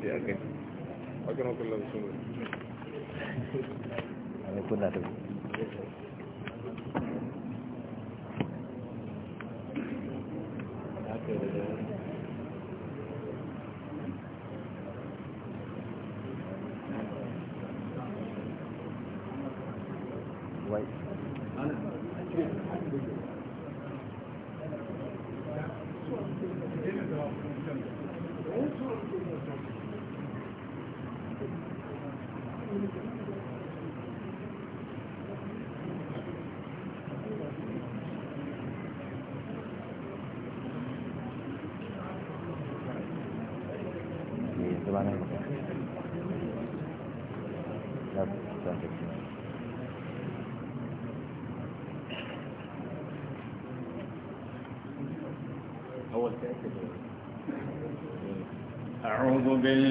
sai a gani a a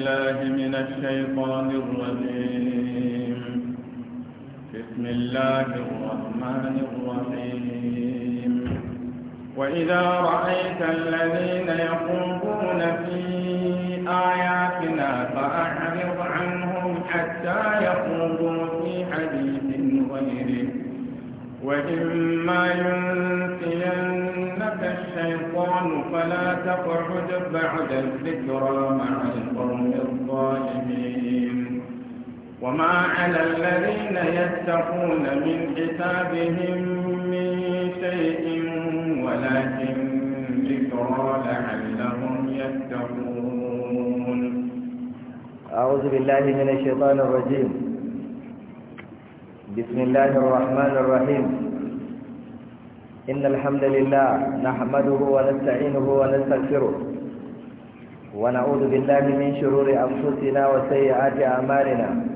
بالله من الشيطان الرجيم بسم الله الرحمن الرحيم وإذا رأيت الذين يخوضون في آياتنا فأعرض عنهم حتى يخوضوا في حديث غيره وإما ينسينك الشيطان فلا تقعد بعد الذكرى مع وما على الذين يتقون من حسابهم من شيء ولكن ذكرى لعلهم يتقون أعوذ بالله من الشيطان الرجيم بسم الله الرحمن الرحيم إن الحمد لله نحمده ونستعينه ونستغفره ونعوذ بالله من شرور أنفسنا وسيئات أعمالنا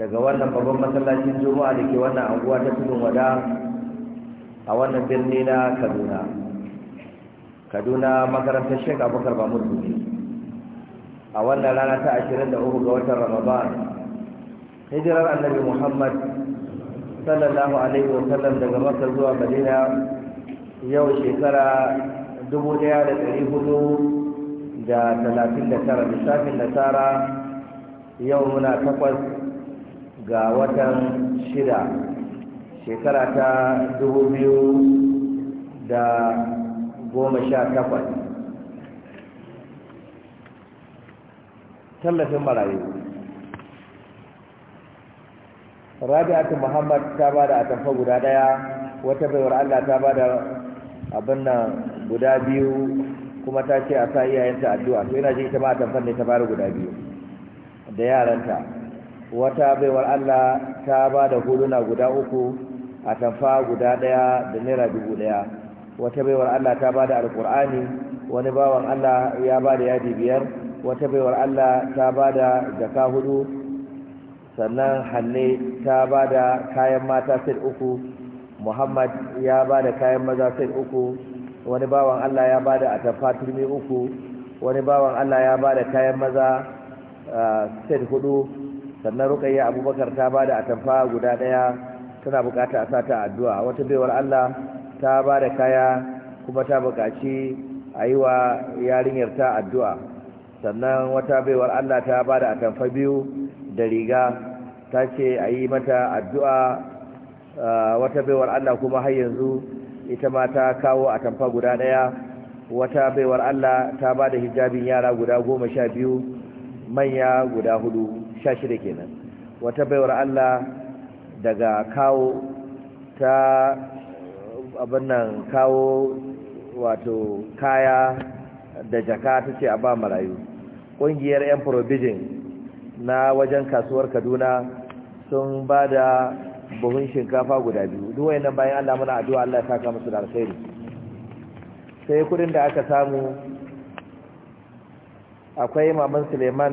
daga wannan babban masallacin juma'a da ke wannan anguwa ta tudun wada a wannan birni na kaduna kaduna makarantar shek abubakar ba mutu a wannan rana ta uku ga watan ramadan hijirar annabi muhammad sallallahu alaihi wasallam daga makka zuwa madina yau shekara 1439 lissafin nasara yau muna takwas ga watan shida shekara ta dubu biyu da goma sha takwas tallafin marayu rabi'atu muhammad ta ba da atamfa guda daya wata baiwar allah ta ba da abin nan guda biyu kuma ta ce a sa iyayenta addu'a to ina ji ita ma atamfan ne ta bayar guda biyu da yaranta wata baiwar Allah ta ba da huluna guda uku a tamfa guda ɗaya da naira dubu ɗaya wata baiwar Allah ta ba da alƙur'ani wani bawan Allah ya ba da yadi biyar wata baiwar Allah ta ba da jaka hudu sannan hanne ta ba da kayan mata sai uku muhammad ya ba da kayan maza sai uku wani bawan allah ya ba da atamfa turmi uku wani bawan allah ya ba da kayan maza ah, set hudu sannan rukayya abubakar ta bada atamfa guda daya tana bukata a sata addu'a wata baiwar Allah ta bada kaya kuma ta bukaci ayiwa yarinyar ta addu'a sannan wata baiwar Allah ta bada atamfa biyu da riga ta ce ayi mata addu'a wata baiwar Allah kuma har yanzu ita ma ta kawo atamfa guda daya wata baiwar Allah ta bada hijabin yara guda goma sha biyu manya guda hudu shida kenan wata baiwar Allah daga kawo ta abin nan kawo wato kaya da jaka ta ce a ba marayu ƙungiyar 'yan provision na wajen kasuwar kaduna sun ba da buhun shinkafa guda biyu duwai nan bayan allah muna addu'a allah ya saka musu da alkhairi sai kudin da aka samu akwai maman suleiman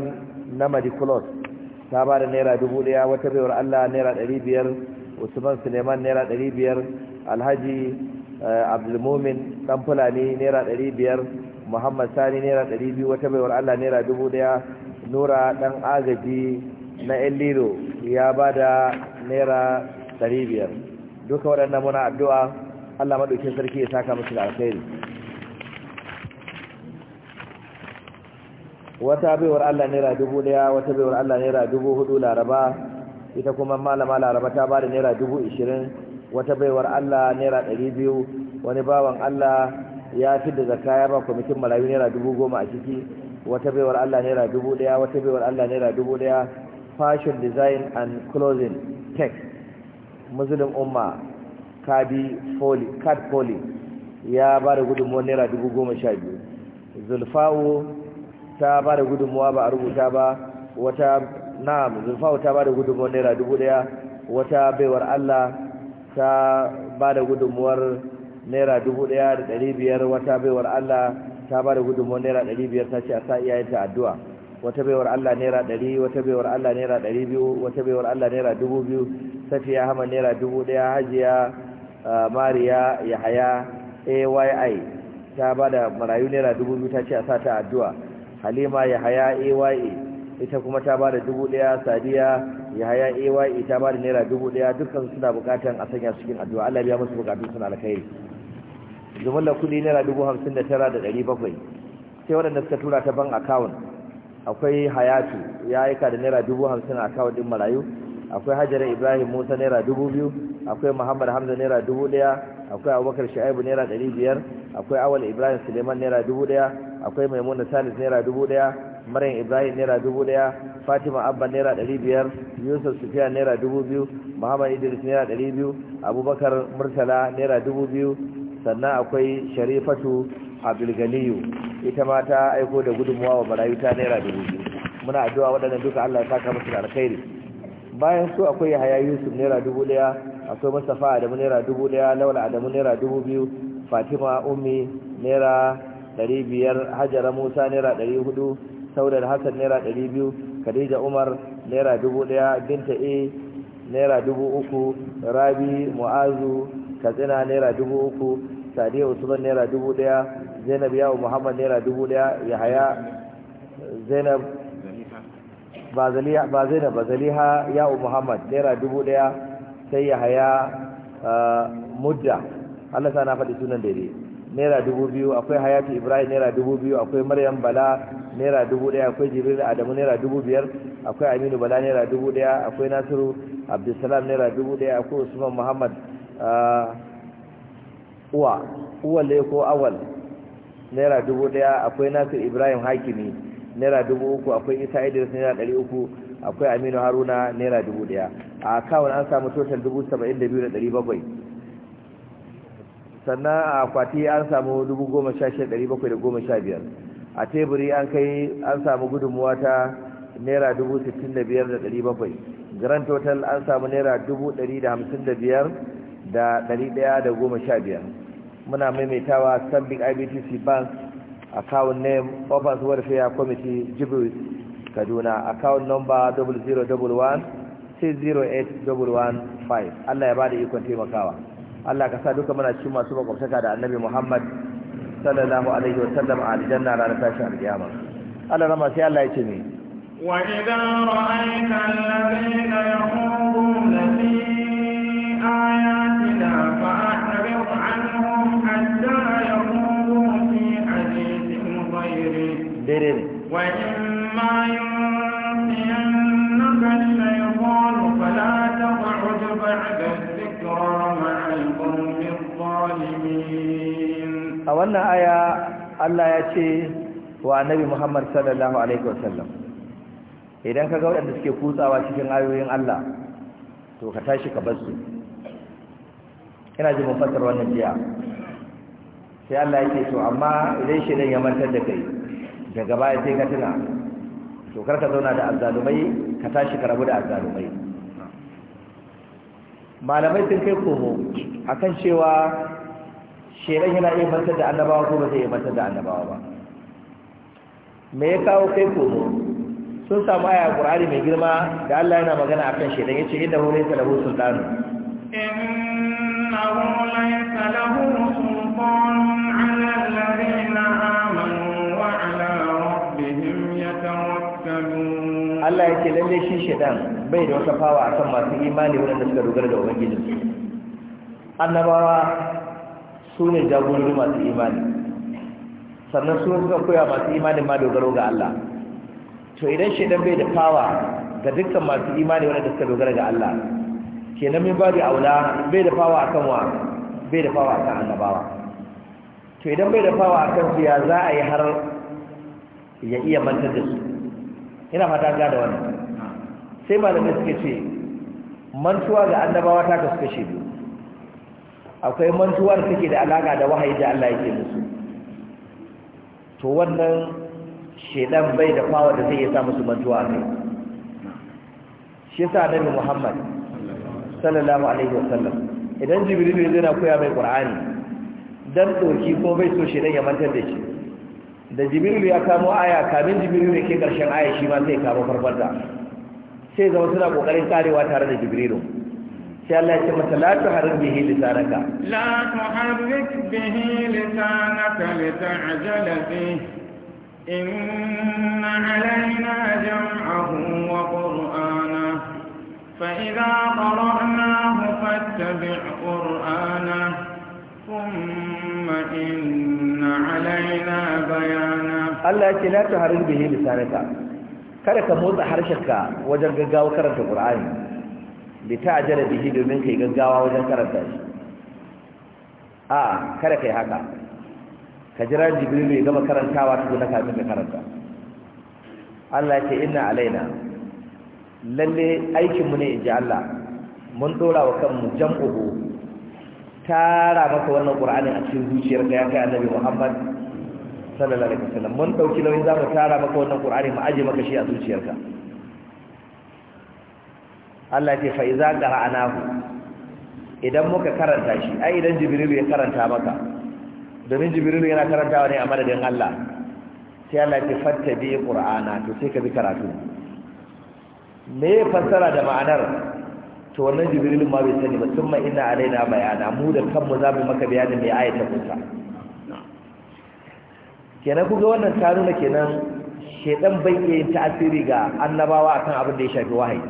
na madiculus ta ba da naira dubu ɗaya wata baiwar allah naira ɗari biyar usman suleiman naira ɗari biyar alhaji eh, abdulmumin ɗan fulani naira ɗari biyar muhammad sani naira ɗari biyu wata baiwar allah naira dubu ɗaya nura ɗan agaji na yan lilo ya ba da naira ɗari biyar duka waɗannan muna addu'a allah maɗaukin sarki ya saka musu da alkhairi wata baiwar Allah naira dubu daya wata baiwar Allah naira dubu hudu laraba ita kuma malama laraba ta bada naira dubu ishirin wata baiwar Allah naira ɗari biyu wani bawan Allah ya fi da zaka ya ba kwamitin marayu naira dubu goma a ciki wata baiwar Allah naira dubu daya wata baiwar Allah naira dubu daya fashion design and clothing tech muslim umma kadi foli kad foli ya ba da gudunmuwar naira dubu goma sha biyu zulfawo ta ba da gudunmuwa ba a rubuta ba wata na zulfawa ta ba da gudunmuwar naira dubu daya wata baiwar allah ta ba da gudunmuwar naira dubu daya da dari biyar wata baiwar allah ta ba da gudunmuwar naira dari biyar ta ce a sa iyayenta addu'a wata baiwar allah naira dari wata baiwar allah naira dari biyu wata baiwar allah naira dubu biyu safiya hama naira dubu daya hajiya ah, mariya yahaya ayi ta ba da marayu naira dubu biyu ta ce a sa ta addu'a halima ya haya aye ita kuma ta bada dubu daya sadiya ya haya aye ta bada naira dubu daya dukkan suna bukatan a sanya cikin addu'a Allah ya musu bukatu suna alkhairi jumlar kudi naira dubu hamsin da tara da dari bakwai sai waɗanda suka tura ta ban akawun akwai hayatu ya aika da naira dubu hamsin a akawun ɗin marayu akwai hajar ibrahim musa naira dubu biyu akwai muhammad hamza naira dubu daya akwai abubakar sha'ibu naira dari biyar akwai awal ibrahim suleiman naira dubu daya akwai maimuna salis naira dubu daya maryam ibrahim naira dubu daya fatima abba naira dari biyar yusuf sufiya naira dubu biyu muhammad idris naira dari biyu abubakar murtala naira dubu biyu sannan akwai sharifatu abdulganiyu ita ma ta aiko da gudunmuwa wa marayu ta naira dubu biyu muna addu'a waɗannan duka allah ya saka musu da alkhairi bayan su akwai yahaya yusuf naira dubu daya akwai mustapha adamu naira dubu daya laula adamu naira dubu biyu fatima ummi naira dari biyar hajjara musa naira dari hudu saudar hassan naira dari biyu khadija umar naira dubu daya binta a naira dubu uku rabi mu'azu katsina naira dubu uku sadiya usman naira dubu daya zainab yawo muhammad naira dubu daya yahaya zainab ba na ba ha ya muhammad naira dubu daya sai ya haya uh, mudda allah sa na faɗi sunan daidai naira dubu biyu akwai hayatu ibrahim naira dubu biyu akwai maryam bala naira dubu daya akwai jibril adamu naira dubu biyar akwai aminu bala naira dubu daya akwai nasiru abdulsalam naira dubu daya akwai usman muhammad uh, uwa uwa leko awal naira dubu daya akwai nasir ibrahim hakimi naira dubu uku akwai isa idris naira ɗari uku akwai aminu haruna naira dubu ɗaya a kawon an samu total dubu saba'in da biyu da ɗari bakwai sannan a kwati an samu dubu goma sha shida ɗari bakwai da goma sha biyar a teburi an kai an samu gudunmuwa ta naira dubu sittin da biyar da ɗari bakwai grand total an samu naira dubu ɗari da hamsin da biyar da ɗari ɗaya da goma sha biyar muna maimaitawa stanbic ibtc bank account name Orphans Welfare Committee Jibril Kaduna account number 0011608115 Allah ya bada ikon taimakawa Allah ka sa duka muna cikin masu makwabtaka da Annabi Muhammad sallallahu alaihi wasallam a aljanna ranar tashin alkiyama Allah rama sai Allah ya ce ni وإذا ra'aita alladhina يخوضون lati ayatina فأعلم daidai ne a wannan aya Allah ya ce wa annabi Muhammad sallallahu alaihi wasallam idan ka ga waɗanda suke kutsawa cikin ayoyin Allah to ka tashi ka bar su ina ji mun fassara wannan jiya sai Allah yake to amma idan shi dan ya mantar da kai daga baya sai ka tuna to kar ka zauna da azzalumai ka tashi ka rabu da azzalumai malamai sun kai komo akan cewa shedan yana iya mantar da annabawa ko ba zai iya mantar da annabawa ba me ya kawo kai komo sun samu aya Qur'ani mai girma da Allah yana magana akan shi dan yace innahu laysa lahu sultanu innahu laysa lahu sultanun 'ala alladhina Allah ya ce lalle shi shedan bai da wata fawa a kan masu imani wadanda suka dogara da ubangiji annabawa su ne jagorori masu imani sannan su suka koya masu imani ma dogaro ga Allah to idan shedan bai da fawa ga dukkan masu imani wadanda suka dogara ga Allah kenan min babu aula bai da fawa akan wa bai da fawa akan annabawa to idan bai da fawa akan su ya za a yi har ya iya mantar da su ina mata ga da wannan sai malamai suke ce mantuwa ga annabawa ta kasu kashe biyu akwai mantuwar take da alaka da wahayi da Allah yake musu to wannan shedan bai da fawa da zai sa musu mantuwa kai shi yasa annabi Muhammad sallallahu alaihi wasallam idan jibril yana koya mai qur'ani dan doki ko bai so shedan ya mantar da shi da jibrilu ya kamo aya kamin jibrilu ne ke karshen aya shi ma sai kamo farfarta sai zama suna kokarin karewa tare da jibrilu sai Allah ya ce mata la tuharrik bihi lisanaka la tuharrik bihi lisanaka ta'jala bihi inna alaina jam'ahu wa qur'ana fa idha qara'nahu fattabi' qur'ana Allah إن na ta harin bihe لا تحرك kada ka motsa harshenka wajen gaggawa karanta Qur'ani bi ta'jala bihe domin ka yi gaggawa wajen karanta shi a kada kai haka ka jira Jibril ya gama karantawa tukuna kafin ka karanta Allah ya ce inna alaina lalle aikinmu ne inji Allah mun ɗora wa kanmu jam'uhu tara maka wannan ƙur'anin a cikin zuciyarka ya kai annabi muhammad sallallahu alaihi wasallam mun dauki nauyin za mu tara maka wannan qur'ani mu aje maka shi a zuciyarka Allah ya ce fa iza qara'nahu idan muka karanta shi ai idan jibril ya karanta maka domin jibril yana karantawa ne a madadin Allah sai Allah ya ce fattabi qur'ana to sai ka bi karatu me fassara da ma'anar to wannan jibril ma bai sani ba summa inna alaina bayana mu da kanmu za mu maka bayani mai ayata kusa kenan ga wannan ta nuna kenan shedan bai iya yin ta'asiri ga annabawa akan abin da ya shafi wahayi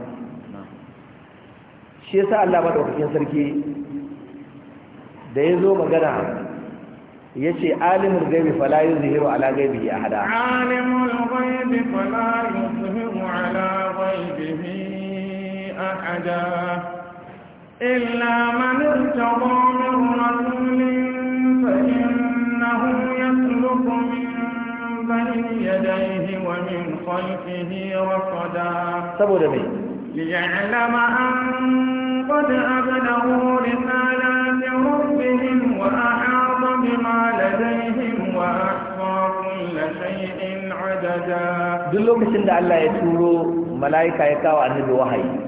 shi yasa Allah madaukakin sarki da ya zo magana ya ce alimul gaibi fala yuzhiru ala gaibihi ahada alimul gaibi fala yuzhiru ala gaibihi أحدا إلا من ارتضى من رسول فإنه يسلك من بين يديه ومن خلفه رصدا سبب ليعلم أن قد أبلغوا رسالات ربهم وأحاط بما لديهم وأحصى كل شيء عددا duk lokacin da Allah ya turo mala'ika ya kawo annabi wahayi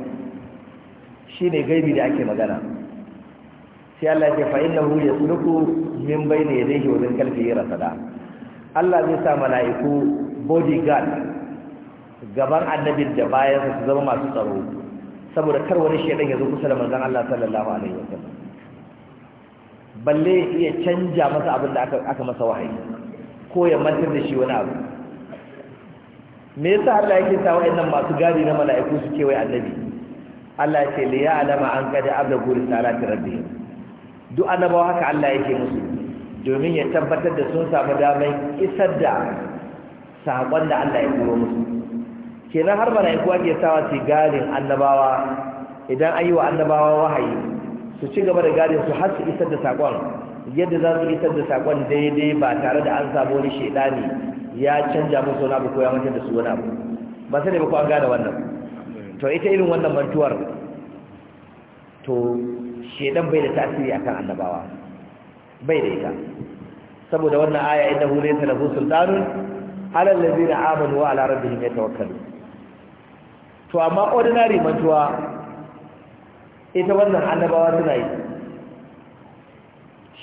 Shi ne gaibi da ake magana sai Allah ya fa innahu yasluku min bayni wajen wa min rasa rasada Allah zai sa mala'iku bodyguard gaban annabin da bayan su zama masu tsaro saboda kar wani shedan ya zo kusa da zan Allah sallallahu alaihi wasallam balle ya canja masa abin da aka masa wahayi ko ya mantar da shi wani abu me yasa Allah yake sa wa'annan masu gadi na mala'iku su kewaye annabi Allah ce li alama an abda guri salati rabbihim duk annabawa haka Allah yake musu domin ya tabbatar da sun samu damai isar da sakon da Allah ya koro musu kenan har bana iko ake sawa su gadin annabawa idan an wa annabawa wahayi su ci gaba da gadin su har su isar da sakon yadda za su isar da sakon daidai ba tare da an samu wani shaidani ya canja musu wani abu ko ya mutar da su wani abu ba sai ne ba ku an gane wannan to ita irin wannan mantuwar to shedan bai da tasiri akan annabawa bai da ita saboda wannan aya innahu laysa lahu sultanun ala allazina amanu wa ala rabbihim yatawakkalu to amma ordinary mantuwa ita wannan annabawa suna yi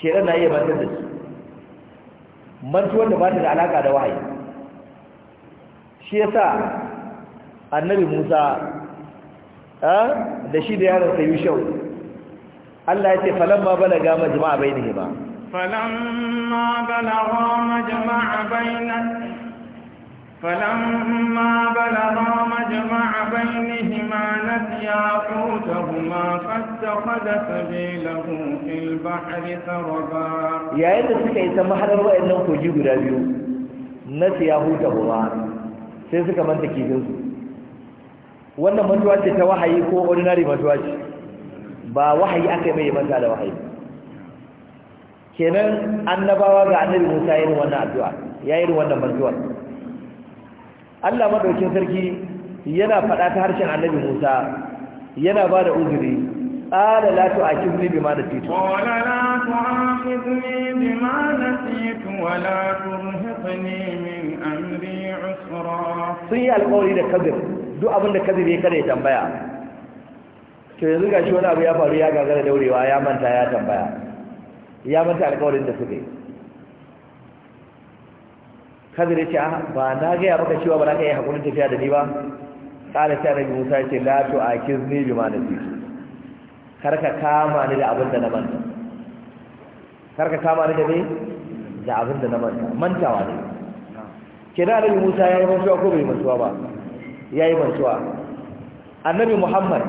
shedan na iya mantar da su mantuwar da ba ta da alaka da wahayi shi yasa annabi Musa da shi da yaron sayu shau Allah ya ce falamma balaga majma'a ba falamma balaga majma'a bainihima فلما بلغا مجمع بينهما نسيا حوتهما فاتخذ سبيله في البحر سربا يا عند suka yi ta maharar wayannan koji guda biyu nasiya hutahuma sai suka manta kifin su wannan mutuwa ce ta wahayi ko ordinary mutuwa ce ba wahayi aka mai manta da wahayi kenan annabawa ga annabi Musa yayin wannan addu'a yayin wannan mantuwa Allah madaukin sarki yana faɗa ta harshen annabi Musa yana ba da uzuri qala la tu'akhidhni bima nasitu qala la tu'akhidhni bima nasitu wa la turhiqni min amri usra sai alƙawari da kabir duk abin da ne kada ya tambaya to yanzu shi wani abu ya faru ya gagara daurewa ya manta ya tambaya ya manta alƙawarin da suka yi kadir ce ah, ba na gaya maka cewa ba na kai hakurin tafiya da ni ba kala sai rabi Musa ce la tu akizni bima nasitu kar ka kama ni da abin da na manta kar ka kama ni da ni da abin da na manta mantawa ne kenan rabi Musa ya yi mantuwa ko bai mantuwa ba yayi mantuwa annabi muhammad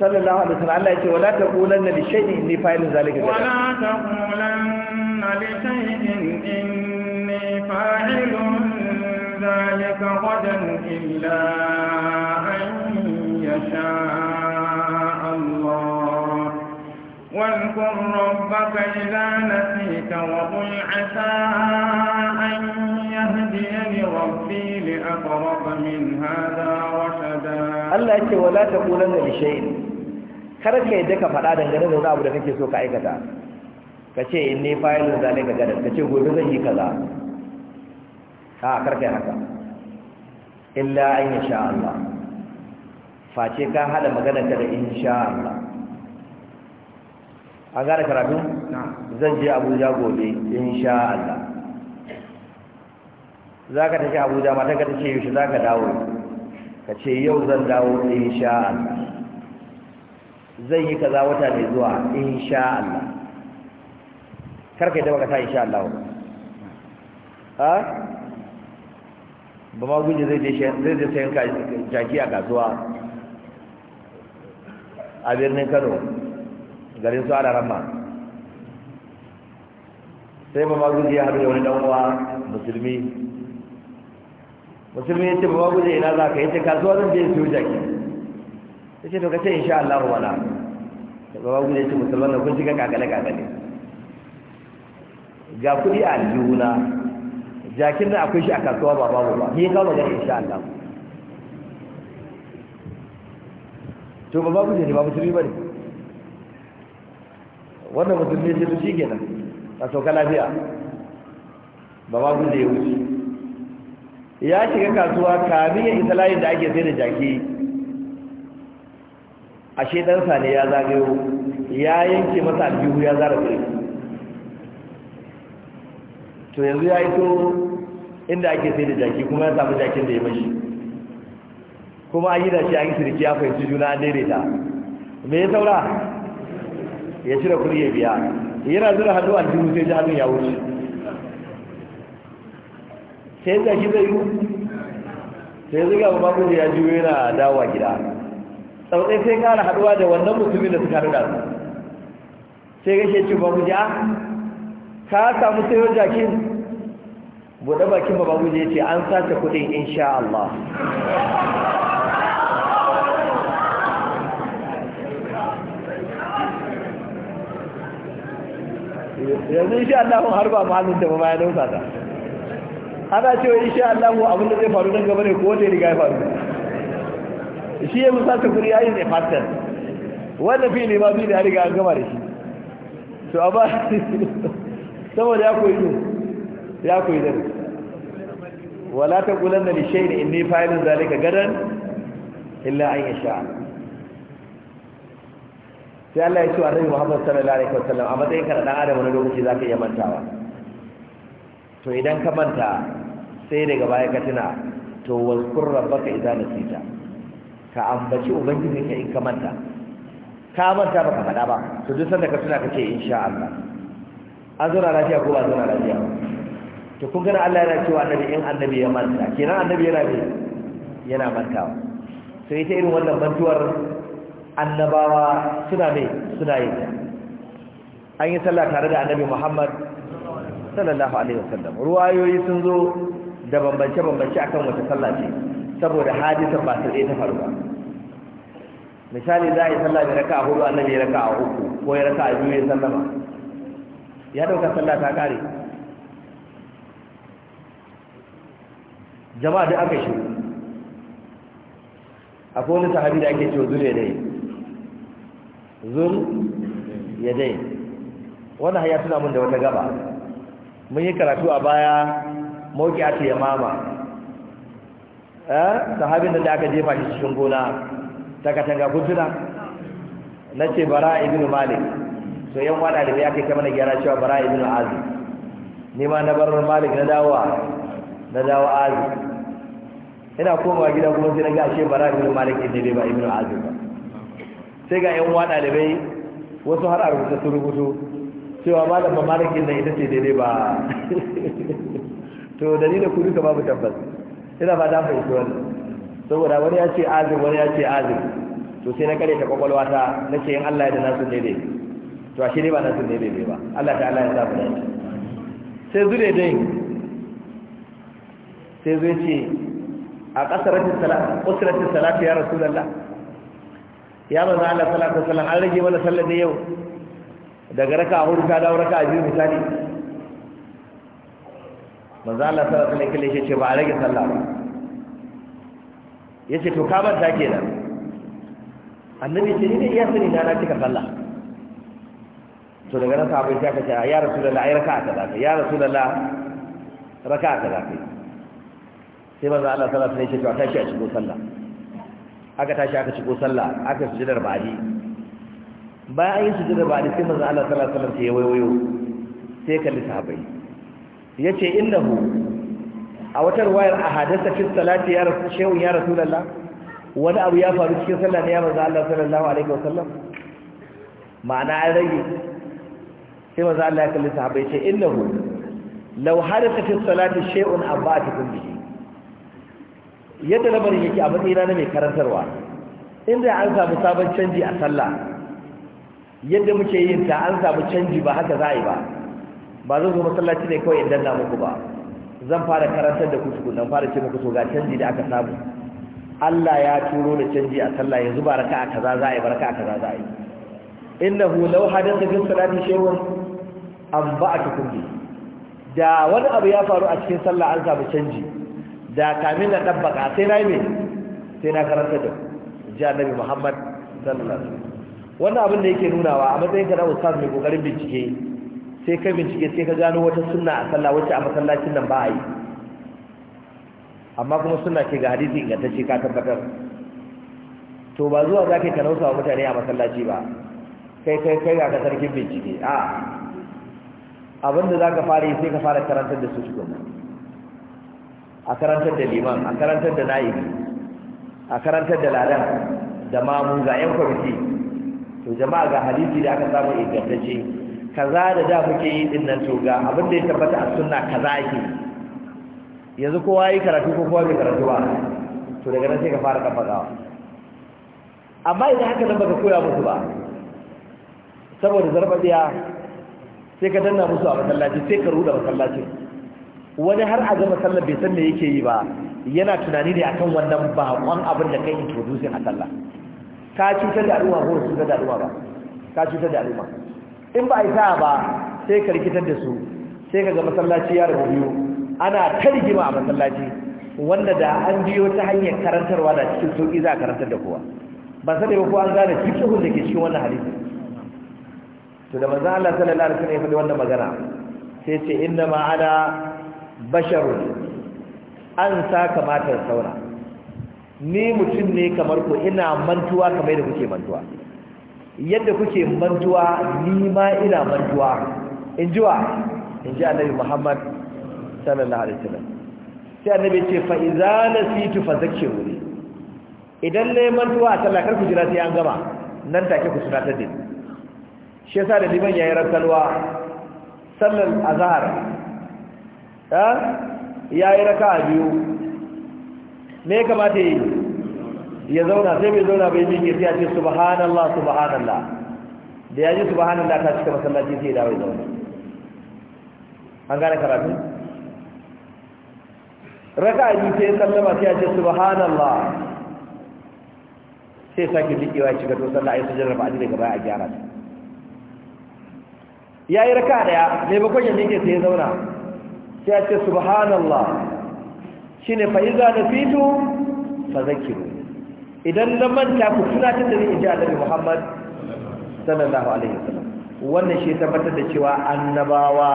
sallallahu alaihi wasallam Allah Ya ce wala taqulanna li shay'in inni fa'ilun zalika wala taqulanna li shay'in inni fa'ilun zalika ghadan illa an yasha واذكر ربك إذا نسيت وقل عسى أن يهديني ربي لأقرب من هذا رشدا الله يقول ولا تقولن لشيء kada ka yadda ka faɗa dangane da wani abu da kake so ka aikata ka ce in ne fayilin zane ka gada ka ce gobe zan yi kaza a karka yi haka illa an yi sha Allah face ka haɗa maganar da in sha Allah a gane karatu zan je abuja gobe sha Allah za ka tafi abuja mata ka tace yaushe za ka dawo ka ce yau zan dawo sha Allah zan yi kaza wata mai zuwa sha Allah karka da baka in sha Allah ha ba ma guje zai je zai je sayan jaki a kasuwa a birnin Kano garin su ala ramma sai ba maguji ya haɗu da wani ɗan'uwa musulmi musulmi ya ce ba maguji ina za ka yi ce kasuwa zan je su jaki ya ce to ka ce insha Allah wala ba maguji ya ce musulman na kun shiga kakale kakale ga kuɗi a juna jakin da akwai shi a kasuwa ba babu ba yi kawo magana insha Allah to ba ya ne ba musulmi ba ne wannan mutum ne sai shi kenan a sauka lafiya ba ma guje ya wuce ya shiga kasuwa kamin ya isa layin da ake sai da jaki ashe ɗansa ne ya zagayo ya yanke masa aljihu ya zara kai to yanzu ya yi to inda ake sai da jaki kuma ya samu jakin da ya mashi kuma a yi da shi a yi sirki ya fahimci juna an daidaita me ya saura ya cire kuri ya biya yana zura hannu a jihu sai ji ya wuce sai ga shi zai yi sai zuga ba babu ya jiwo yana dawa gida tsautsai sai kara haduwa da wannan musulmin da suka haɗu da su sai gashe ce babu ya ah, ka samu yau jakin buɗe bakin babu ya ce an sace kuɗin insha Allah yanzu insha Allah mun harba mahallin da ba ya dauka ta ana cewa insha Allah mu abin da zai faru nan gaba ne ko wata riga ya faru shi ya musa ta kuri yayin da fatan wannan fili ma fili ya riga an gama da shi to a ba saboda ya koyi ya koyi da wala ta kulanna li shay'in inni fa'ilun zalika gadan illa an yasha Allah sai Allah ya ce wa Annabi Muhammad sallallahu alaihi wasallam a matsayin ka dan adam wani lokaci zaka iya mantawa to idan ka manta sai daga baya ka tuna to wazkur rabbaka idza nasita ka ambaci ubangiji ka in ka manta ka manta ba ka faɗa ba to duk sanda ka tuna ka ce insha Allah an zauna lafiya ko azura zauna lafiya to kun gana Allah yana cewa annabi in annabi ya manta kenan annabi yana yana mantawa sai ita irin wannan mantuwar annabawa suna ne suna yi an yi sallah tare da annabi Muhammad sallallahu alaihi wasallam ruwayoyi sun zo da bambance bambance akan wata sallah ce saboda hadisan ba su ta faru ba misali za a yi sallah da raka'a hudu annabi ya a uku ko ya raka'a biyu ya sallama ya dauka sallah ta kare jama'a duk aka shi akwai wani sahabi da ake cewa zuriya da yi zul yadai wannan haya tuna mun da wata gaba mun yi karatu a baya mauki a ya mama eh sahabin da aka jefa shi cikin gona ta katanga kutuna na ce bara ibn malik so yan wada da yake kai ta mana gyara cewa bara ibn azi ni ma na bar malik na dawa na dawa azi ina komawa gida kuma sai na ga ashe bara ibn malik ne ba ibn azi ba sai ga yan wada da bai wasu har a rubuta su rubutu cewa ba da malakin nan ita ce daidai ba to da da ku duka babu tabbas ina ba da fahimci wannan saboda wani ya ce azim wani ya ce azim to sai na kare ta kwakwalwa ta na ce in Allah ya da nasu daidai to a shi ne ba nasu daidai ba Allah ta Allah ya sa mu sai zure dai sai zai ce a kasaratin salat usratin salat ya rasulullah ya ba Allah sallallahu alaihi wasallam an rage mana sallar da yau daga raka a hudu ta dawo raka a biyu misali ba Allah sallallahu alaihi wasallam yake ce ba a rage sallah ba ya ce to ta ke kenan annabi ce ni ne iya sani na na cika sallah to daga nan sahabbai sai aka ce ya rasulullah ai a ta zaka ya rasulullah a ta zaka sai a Allah sallallahu alaihi ya ce to tashi a cikin sallah aka tashi aka ciko sallah aka sujudar ba'di bayan an yi sujudar ba'di sai manzo Allah sallallahu alaihi wasallam ya wayo sai kalli sahabbai yace innahu a wata ruwayar ahadasa fi salati ya rasul shehu ya rasulullah wani abu ya faru cikin sallah ne ya manzo Allah sallallahu alaihi wasallam ma'ana an rage sai manzo Allah ya kalli sahabbai yace innahu law hadatha fi salati shay'un abatukum bihi yadda lamarin yake a matsayina na mai karantarwa inda an samu sabon canji a sallah yadda muke yin ta an samu canji ba haka za a yi ba ba zan zo masallaci ne kawai in danna muku ba zan fara karantar da kutuku nan fara ce muku so ga canji da aka samu Allah ya turo da canji a sallah yanzu ba raka'a kaza za a ba raka'a kaza za a yi innahu law hadatha fi salati shay'un amba'atukum bi da wani abu ya faru a cikin sallah an samu canji da kamin na ɗabbaka sai na yi mai sai na karanta da ji muhammad sallallahu alaihi wannan abin da yake nunawa a matsayin ka na ustaz mai kokarin bincike sai ka bincike sai ka gano wata sunna a sallah wacce a masallacin nan ba a yi amma kuma sunna ce ga hadisi ingantacce ka tabbatar to ba zuwa za ka yi wa mutane a masallaci ba kai kai kai ga ka sarkin bincike a abin da za ka fara yi sai ka fara karantar da su cikin a karantar da liman a karantar da na'i a karantar da ladan da mamu ga yan kwamiti to jama'a ga hadisi da aka samu ingantacce kaza da da muke yi din nan to ga abin da ya tabbata a sunna kaza yake yanzu kowa yi karatu ko kowa bai karatu ba to daga nan sai ka fara kafa gawa, amma idan haka nan baka koya musu ba saboda zarfadiya sai ka danna musu a masallaci sai ka ruda masallacin wani har a gama sallar bai san me yake yi ba yana tunani ne akan wannan bakon abin da kai introducing a sallah ka cutar da al'umma ko su da al'umma ba ka cutar da al'umma in ba a yi sa'a ba sai ka rikitar da su sai ka ga masallaci ya rabu biyu ana ta rigima a masallaci wanda da an biyo ta hanyar karantarwa da cikin sauƙi za a karantar da kowa ba sai ba ko an gane fiqhun da ke cikin wannan hadisi to da manzon Allah sallallahu alaihi wasallam ya faɗi wannan magana sai ce inna ma ana basharu an sa kamatar saura ni mutum ne kamar ku ina mantuwa kamar da kuke mantuwa yadda kuke mantuwa ni ma ina mantuwa in Inji in ji annabi muhammad sallallahu alaihi wasallam sai annabi ce fa idza nasitu fa zakkiru idan ne mantuwa a sallah kar jira sai an gama nan take ku sunatar da ni shi yasa da liman yayin rakalwa sallar azhar ya yi raka a biyu me kamata yi ya zauna sai bai zauna bai miƙe sai a ce subhanallah subhanallah da ya ji subhanallah ta cika masallaci sai ya dawo ya zauna an gane karatu raka a biyu sai ya sallama sai a ce subhanallah sai sake miƙewa ya shiga to sallah ya sujjar ba a daga baya a gyara ta ya yi raka daya maimakon ya miƙe sai ya zauna sai ya ce subhanallah shi ne fa'iza da fito fa idan na manta ku tunatar ta ni in ji annabi muhammad sallallahu alaihi wasallam wannan shi tabbatar da cewa annabawa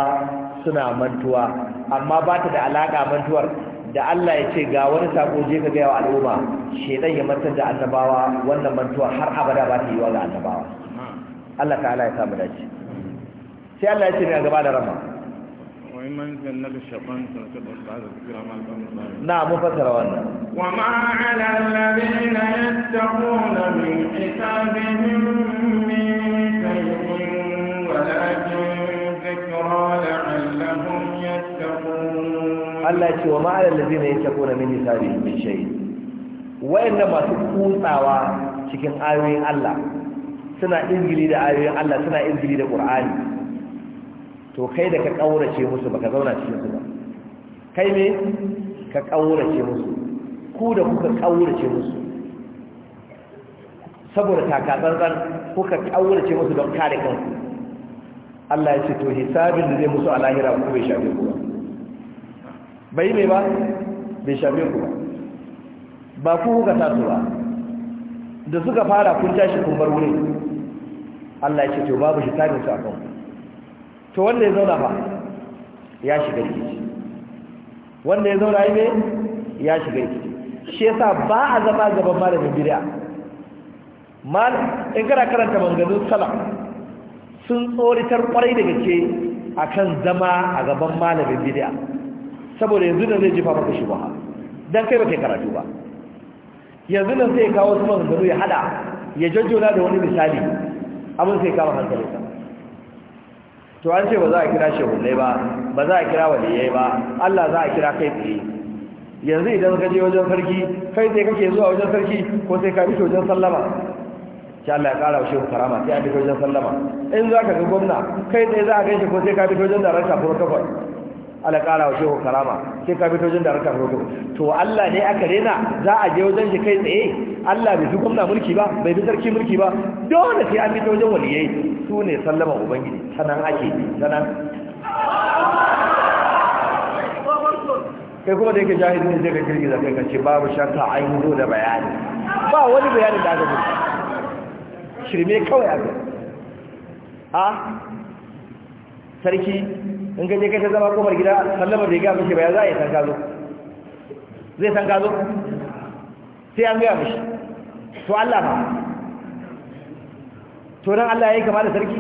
suna mantuwa amma ba ta da alaƙa mantuwar da Allah ya ce ga wani sako je ka gaya wa al'umma shedan ya mantar da annabawa wannan mantuwa har abada ba ta yi wa ga annabawa Allah ta'ala ya samu dace sai Allah ya ce ne a gaba da rama mun fasara wannan wa ma ala alladhina yattaquna min hisabihim min shay'in wa la yadhkuru la'allahum yattaqun Allah ce wa ma ala alladhina yattaquna min hisabihim min shay'in wa inna ma tukutsawa cikin ayoyin Allah suna injili da ayoyin Allah suna injili da Qur'ani to kai da ka kaurace musu baka zauna cikin su ba kai ne ka kaurace musu ku da kuka kaurace musu saboda takatsantsan kuka kaurace musu don kare kanku Allah ya ce to hisabin da zai musu a lahira ku bai shafe ku ba bai ne ba bai shafe ku ba ba ku kuka sa su ba da suka fara kun tashi kun bar wurin Allah ya ce to babu hisabin su a kanku to wanda ya zauna ba ya shiga rikici wanda ya zauna ne ya shiga rikici shi yasa ba a zama gaban malamin bid'a mal in kana karanta manganun salaf sun tsoritar kwarai da gaske akan zama a gaban malamin bid'a saboda yanzu da zai jifa maka shubha dan kai ba kai karatu ba yanzu nan sai ya kawo su maganganu ya hada ya jajjona da wani misali abin sai ya kama hankalinka to an ce ba za a kira shehunai ba ba za a kira waliye ba Allah za a kira kai tsaye yanzu idan ka je wajen sarki kai tsaye kake zuwa wajen sarki ko sai ka bi wajen sallama sai Allah ya kara shehu karama sai a bi wajen sallama in za ka ga gwamna kai tsaye za a gaishe ko sai ka bi wajen darakta protocol ala kara wa shehu karama sai ka fito jin da harkar rogo to Allah ne aka rena za a je wajen shi kai tsaye Allah bai fi gwamna mulki ba bai fi sarki mulki ba dole sai an fito wajen waliyai su ne sallama ubangiji sanan ake sanan kai kuma da yake jahili ne zai ka girgiza kai kace babu shakka an yi da bayani ba wani bayani da aka gudu shirme kawai aka ha ah? sarki in ka je kai ta zama kofar gida sallamar da ya gaya mishi ba ya za a yi san zo zai san zo sai an gaya mishi to Allah ba to nan Allah ya yi kama da sarki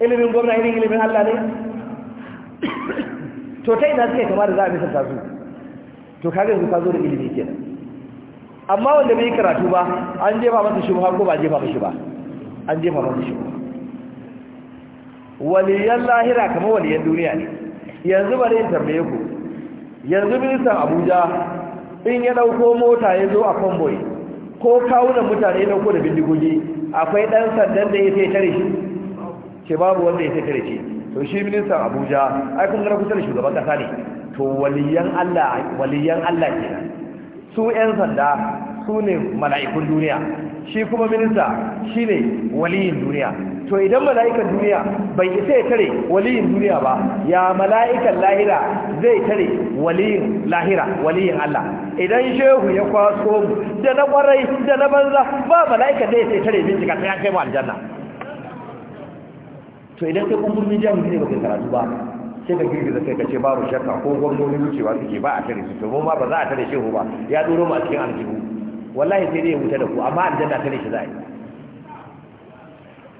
ilimin gwamna irin ilimin Allah ne to ta ina suke kama da za a misalta su to kaga yanzu ka zo da ilimi kenan amma wanda bai karatu ba an jefa masa shubha ko ba jefa mishi ba an jefa masa shubha waliyan lahira kamar waliyan duniya ne yanzu bari in tambaye ku yanzu ministan abuja in ya dauko mota ya zo a convoy ko kawunan mutane ya dauko da bindigogi akwai dan sandan da ya sai tare shi ke babu wanda ya sai tare shi to shi ministan abuja ai kun gara kusa da shugaban kasa ne to waliyan allah waliyan allah kenan su yan sanda su ne mala'ikun duniya shi kuma minista shi ne waliyin duniya to idan mala'ikan duniya bai isa ya tare waliyin duniya ba ya mala'ikan lahira zai tare waliyin lahira waliyin Allah idan shehu ya kwaso mu da na kwarai da na banza ba mala'ikan zai sai tare bincika sai an kai mu aljanna to idan kai kumburin jami'i ne ba kai karatu ba sai ka girgiza kai ka ce babu shakka ko gwamnoni wucewa suke ba a tare su to ma ba za a tare shehu ba ya duro mu a cikin aljihu wallahi sai dai ya wuta da ku amma aljanna ne shi za a yi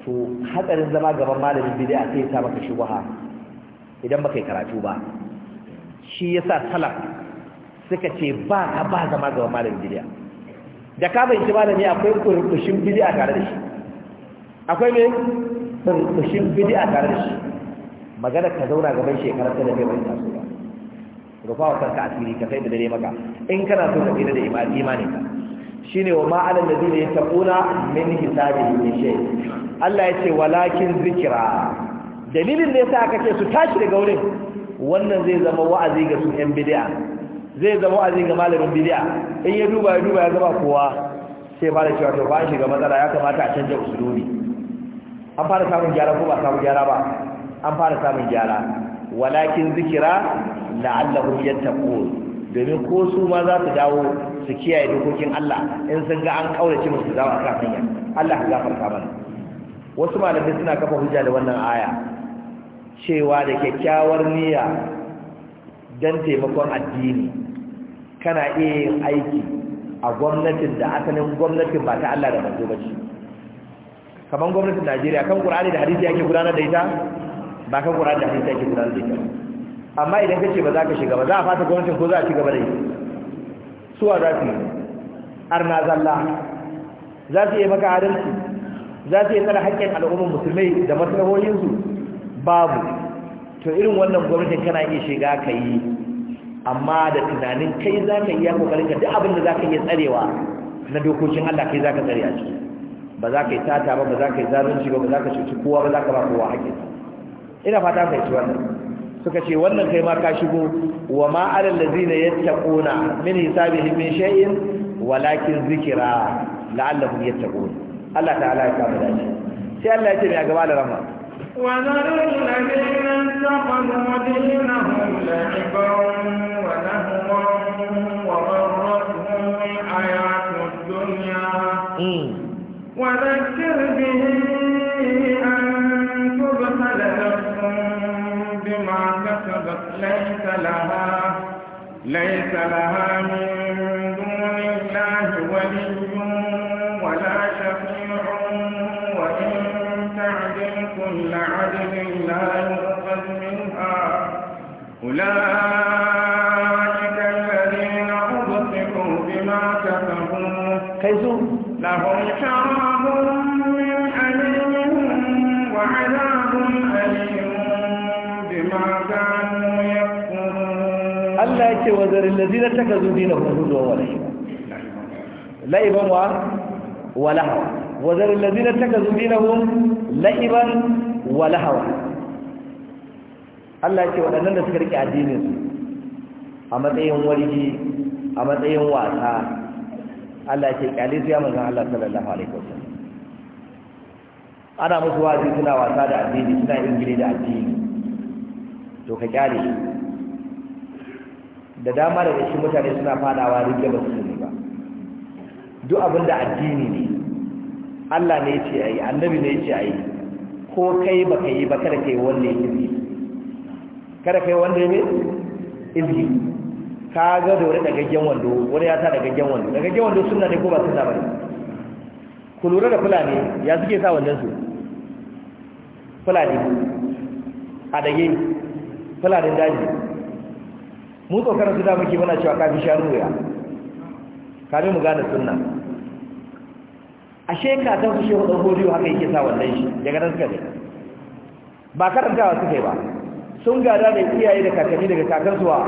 to hatsarin zama gaban malamin bid'a sai ya sa maka shubha idan baka yi karatu ba shi yasa salaf suka ce ba ka ba zama gaban malamin bid'a da ka bayyana malami akwai kurkushin a tare da shi akwai me kurkushin a tare da shi magana ka zauna gaban shekarar ta da kai bai taso ba rufa wa kanka asiri ka sai da dare maka in kana so ka tsira da imani ka shine wa ma'alan da zai taquna min hisabi min shay Allah ya ce walakin zikra dalilin da yasa aka ce su tashi daga wurin wannan zai zama wa'azi ga su yan bid'a zai zama wa'azi ga malamin bid'a in ya duba ya duba ya zama kowa sai fara cewa to ba shi ga matsala ya kamata a canja usulobi an fara samun gyara ko ba samun gyara ba an fara samun gyara walakin zikira la'allahum yattaqun domin ko su ma za su dawo su kiyaye dokokin Allah in sun ga an kaurace musu dawo akan hanya Allah ya gafarta mana wasu malamai suna kafa hujja da wannan aya cewa da kyakkyawar niyya dan taimakon addini kana iya yin aiki a gwamnatin da asalin gwamnatin ba ta Allah da manzo ba ce kamar gwamnatin Najeriya kan Qur'ani da hadisi yake gudanar da ita ba kan Qur'ani da hadisi yake gudanar da ita amma idan kace ba za ka shiga ba za a fata gwamnatin ko za a shiga ba da ita suwa za su yi arna zalla za su yi maka adalci za su yi tsara haƙƙin al'ummar musulmai da maslahohinsu babu to irin wannan gwamnatin kana iya shiga ka yi amma da tunanin kai za ka yi ya kokarin ka duk abin da za ka iya tsarewa na dokokin Allah kai za ka tsare a ba za ka yi tata ba ba za ka yi zalunci ba ba za ka cuci kowa ba za ka ba kowa haƙƙi ina fata ka yi ci wannan suka ce wannan kai ma ka shigo wa ma alal ladina yattaquna min hisabihim min shay'in walakin zikra la'allahum yattaqun Allah ta'ala ya kama dace sai Allah ya ce mai gaba da rama wa zarul ladina taqadu dinahum la'iban wa lahwan wa gharratuhum ayatud dunya hmm. wa dhakkir bihi ليس لها من دون الله ولي ولا شفيع وإن تعدل كل عدل لا يؤخذ منها أولئك الذين أبصروا بما كسبوا لهم شراب من أليم وعذاب أليم بما كانوا Allah ya yake wa zarin lazina takazu dinahum huzuwan wa la'iba la'iban wa wa lahawa wa zarin lazina takazu dinahum la'iban wa Allah ya ce waɗannan da suka rike addinin a matsayin wargi a matsayin wasa Allah yake kyale su ya manzon Allah sallallahu alaihi wasallam ana musu wazi suna wasa da addini suna ingile da addini to ka kyale da dama da cikin mutane suna fadawa rike ba su ne ba duk abin da addini ne Allah ne ce ayi annabi ne ce ayi ko kai ba kai ba kada kai wanda yake ne kada kai wanda yake izgi ka ga dore da gaggen wando wani ya ta da gaggen wando da gaggen wando sunna ne ko ba sunna ba ku lura da fulani ya suke sa wannan su fulani a dage fulanin daji mu tsokarar su da muke muna cewa kafi shanu ya kame mu gane sunna ashe ka ta fushe wa ɗan horiyo haka yake sa wannan shi daga nan suka ne ba karantawa suka yi ba sun gada da iyaye da kakanni daga kakansu wa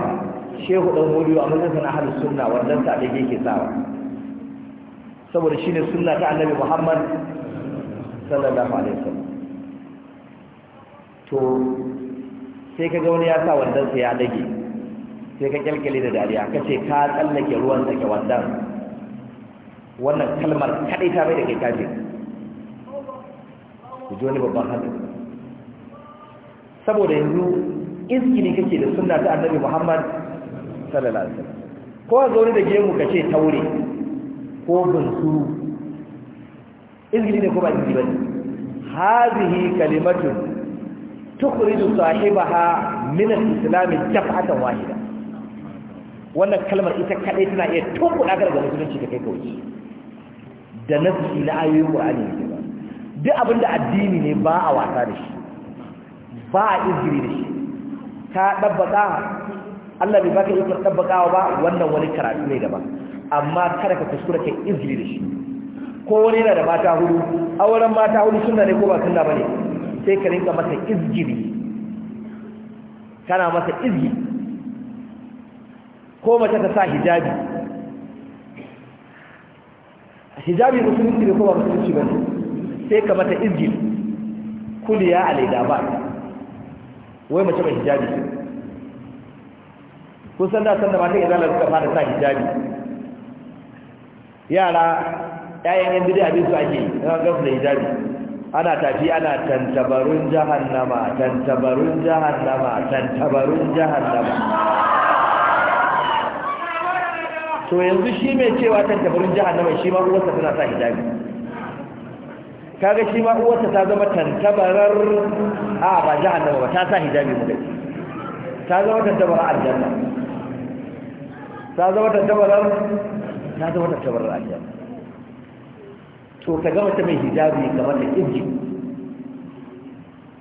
shehu dan horiyo a mazan na halin sunna wannan sa da yake wa saboda shine sunna ta annabi muhammad sallallahu alaihi wasallam to sai kaga wani ya sa wannan sa ya dage sai ka kyalkyale da dariya ka ce ka tsallake ruwan sake wannan wannan kalmar kadai ta mai da kai kafin ku ji wani babban hannu. saboda yanzu iski ne kake da sunna ta annabi muhammad sallallahu alaihi wasallam ko a zaune da gemu ka ce taure ko bunsuru Iski ne ko ba izgili ba ne hazihi kalimatun tukhriju sahibaha min al-islam daf'atan wahida wannan kalmar ita kadai tana iya tunkuɗa ka daga musulunci da kai kauci da nafsi na ayoyin qur'ani ne ba duk abin da addini ne ba a wasa da shi ba a izgiri da shi ka dabbaka Allah bai baka ikon dabbakawa ba wannan wani karatu ne daban amma kada ka kuskura kai izgiri da shi ko wani yana da mata hudu auren mata hudu sunna ne ko ba sunna bane sai ka rinka masa izgiri kana masa izgiri ko mace ta sa hijabi hijabi musulunci ne ko ba musulunci ba sai ka mata izgil kuliya a laida ba wai mace mai hijabi kun san da san mata izala suka fara sa hijabi yara ƴaƴan yan bid'a abin su ake ran gafi da hijabi ana tafi ana tantabarun jahannama tantabarun jahannama tantabarun jahannama to yanzu shi mai cewa kan tabarin jahannama shi ma'uwarsa tana sa hijabi kaga shi ma'uwarsa ta zama tantabarar a ba jahannama ba ta sa hijabi mu ta zama tantabarar aljanna ta zama tantabarar ta zama tantabarar aljanna to ka gama ta mai hijabi kamar da ibji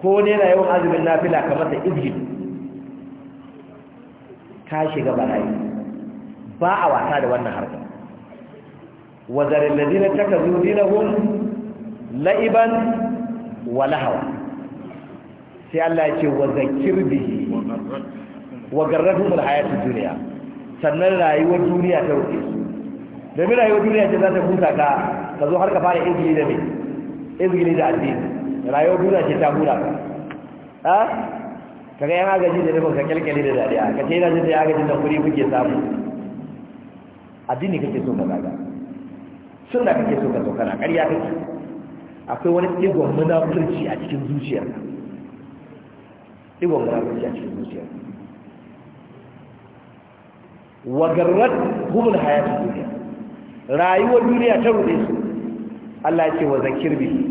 ko ne na yawan azumin nafila kamar da ibji ka shiga barayi ba a wasa da wannan harka wazarin da zina ta kazu dinahun la'iban wa lahawa sai Allah ya ce wa zakir wa garratu mul hayatid duniya sannan rayuwar duniya ta rufe su domin rayuwar duniya ce za ta huta ka ka zo har ka fara izgili da me izgili da addini rayuwar duniya ce ta huta ka ha kaga yan agaji da nufin ka kyalkyale da dariya ka ce yana jin da agajin da kuɗi kuke samu addini kake so ka zaga sunna kake so ka so kana ƙarya kake akwai wani igon munafurci a cikin zuciyar ka igon munafurci a cikin zuciyar wa garrat humul hayatu duniya rayuwar duniya ta rude su Allah ya ce wa zakir bihi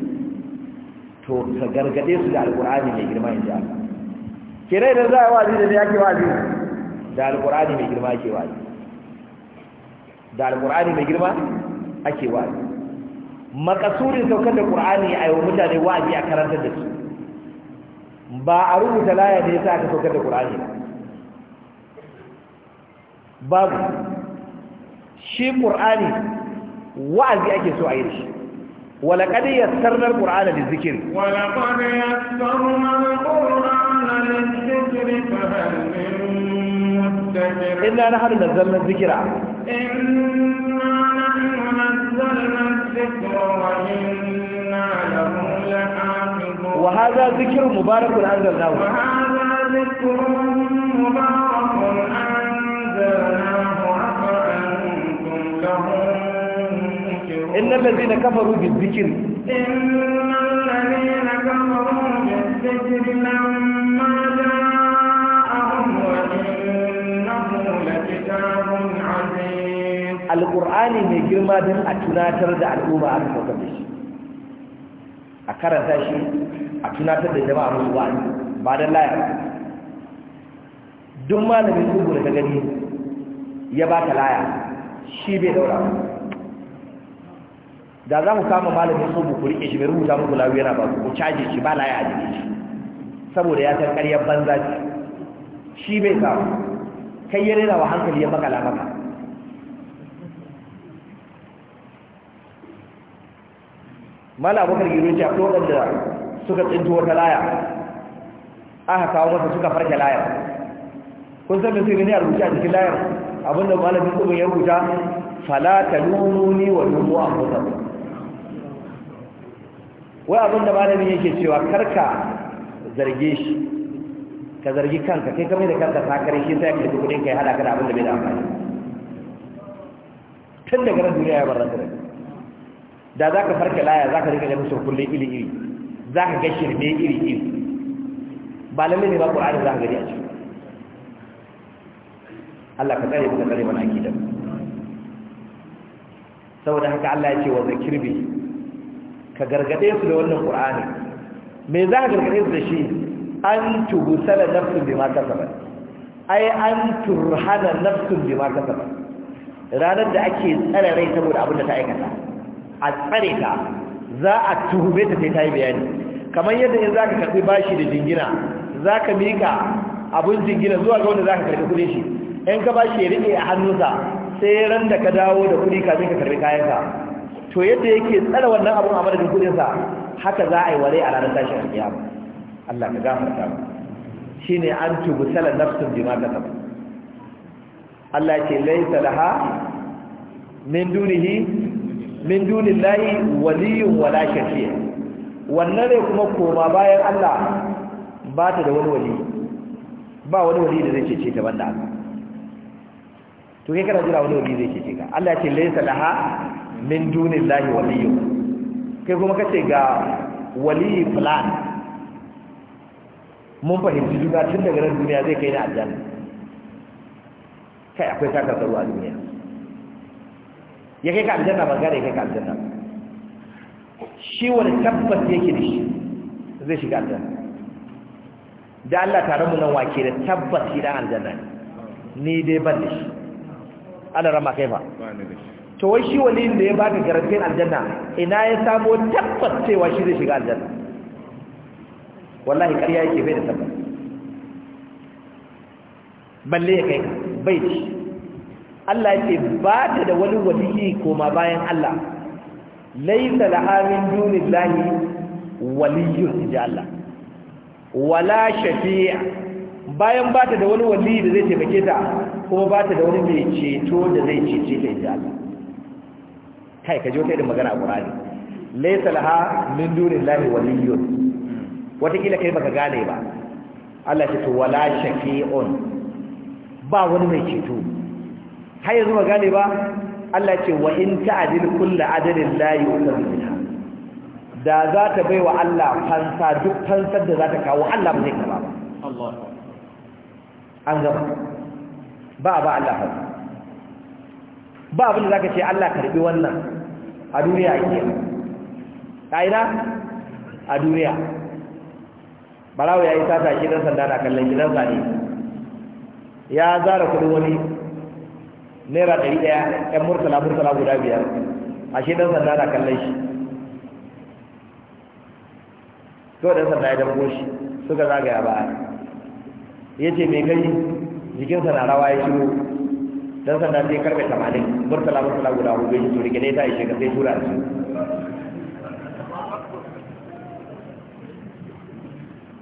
to ka gargade su da alqur'ani mai girma in ji Allah kire da za a wazi da yake wazi da alqur'ani mai girma yake wazi da Alƙur'ani mai girma ake wa'azi makasudin saukar da ƙur'ani a yau mutane wa'azi a karanta da su ba a rubuta laya da sa aka saukar da qur'ani babu shi ƙur'ani wa'azi ake so a yi shi ولقد يسرنا القرآن للذكر ولقد يسرنا القرآن إنا نحن نزلنا الذكر إنا نحن نزلنا الذكر وإنا له لحافظون وهذا ذكر مبارك أنزلناه وهذا ذكر مبارك أنزلناه أفأنتم له إن الذين كفروا بالذكر إن الذين mai girma don a tunatar da al'umma a kan shi a karanta shi a tunatar da jama'a musu wa'azi ba don layar duk malamin kubu da ta gani ya ba ta layar shi bai daura da za mu kama malamin su mu rike shi mai rubuta muku lawi yana ba ku caje shi ba laya a jikin shi saboda ya san ƙaryar banza ce shi bai samu kai ya da wa hankali ya makala maka mala abokan gero ce akwai waɗanda suka tsinto wata laya aka kawo masa suka farke laya, kun san me sai ne a rubuta a jikin layar abinda malamin kuma ya rubuta fala talununi wa lumu anfusakum wai abin da malamin yake cewa karka zarge shi ka zargi kanka kai kamar da kanka sakare shi sai ka tafi kudin kai hada ka da abin da bai da amfani tun daga ran duniya ya bar rantsar da za ka farka laya za ka rika ganin musu kullum iri iri za ka ga shirme iri iri ba lalle ne ba ƙur'ani za ka gari a ciki Allah ka tsare mu ka tsare mana akidan saboda haka Allah ya ce wa zakir bihi ka gargade su da wannan ƙur'ani. me za ka gargade su da shi an sana nafsun bima kasabat ai an turhana nafsun bima kasabat ranar da ake tsare rai saboda abin da ta aikata a tsare ta za a tuhume ta sai ta yi bayani kamar yadda in za ka karɓi bashi da jingina za ka mika abin jingina zuwa ga wanda za ka karɓi kudin shi in ka bashi ya riƙe a hannunsa sai ran da ka dawo da kudi kafin ka karɓi kayanka to yadda yake tsara wannan abun a madadin kudin sa haka za a yi wale a ranar tashin kiyama Allah ka gafarta mu shine an tubu salan nafsun bima kasab Allah ce laysa laha min dunihi min dunillahi waliyun wala shafi'a wannan ne kuma koma bayan Allah ba ta da wani wali ba wani wali da zai cece ta banda to kai kana jira wani wali zai cece ka Allah ce da laha min dunin lahi waliyu kai kuma kace ga waliyi plan mun fahimci juna tun daga nan duniya zai kai ni aljanna kai akwai taka tsaro a duniya ya kai ka aljanna ba gare kai ka aljanna shi wani tabbas yake da shi zai shiga aljanna da Allah tare mu nan wake da tabbas shi dan aljanna ni dai ban da shi Allah rama kai ba ne da shi to wai shi waliyin da ya baka garantin aljanna ina ya samo tabbas cewa shi zai shiga aljanna wallahi ƙarya yake bai da tabbas balle ya kai bai ci Allah yake ba ta da wani waliyi koma bayan Allah laisa laha min dunillahi waliyyun ji Allah wala shafi'a bayan ba ta da wani waliyi da zai taimake ta kuma ba ta da wani mai ceto da zai cece ta ji Allah kai ka jo kai da magana qur'ani laysa laha min dunillahi waliyyun wata kila kai baka gane ba Allah ya ce wala shafi'un ba wani mai ceto har yanzu ba gane ba Allah ce wa in ta'dil kullu adalin la yu'khadhu minha da za ta bai wa Allah fansa duk fansar da za ta kawo Allah ba zai karba ba Allah an gaba ba ba Allah haka ba abin da zaka ce Allah karbi wannan a duniya ke ƙa'ida a duniya barawo ya yi sata shi dan sanda na kallon gidan zane ya zara kudu wani naira ɗari ɗaya ƴan murtala murtala guda biyar ashe shidan sanda na kallon shi kawai ɗan sanda ya damgo shi suka zagaya ba ya ce mai gani jikinsa na rawa ya shigo dan sanda sai karbe tamanin murtala murtala guda hudu shi to ne ta ishe ka sai tura shi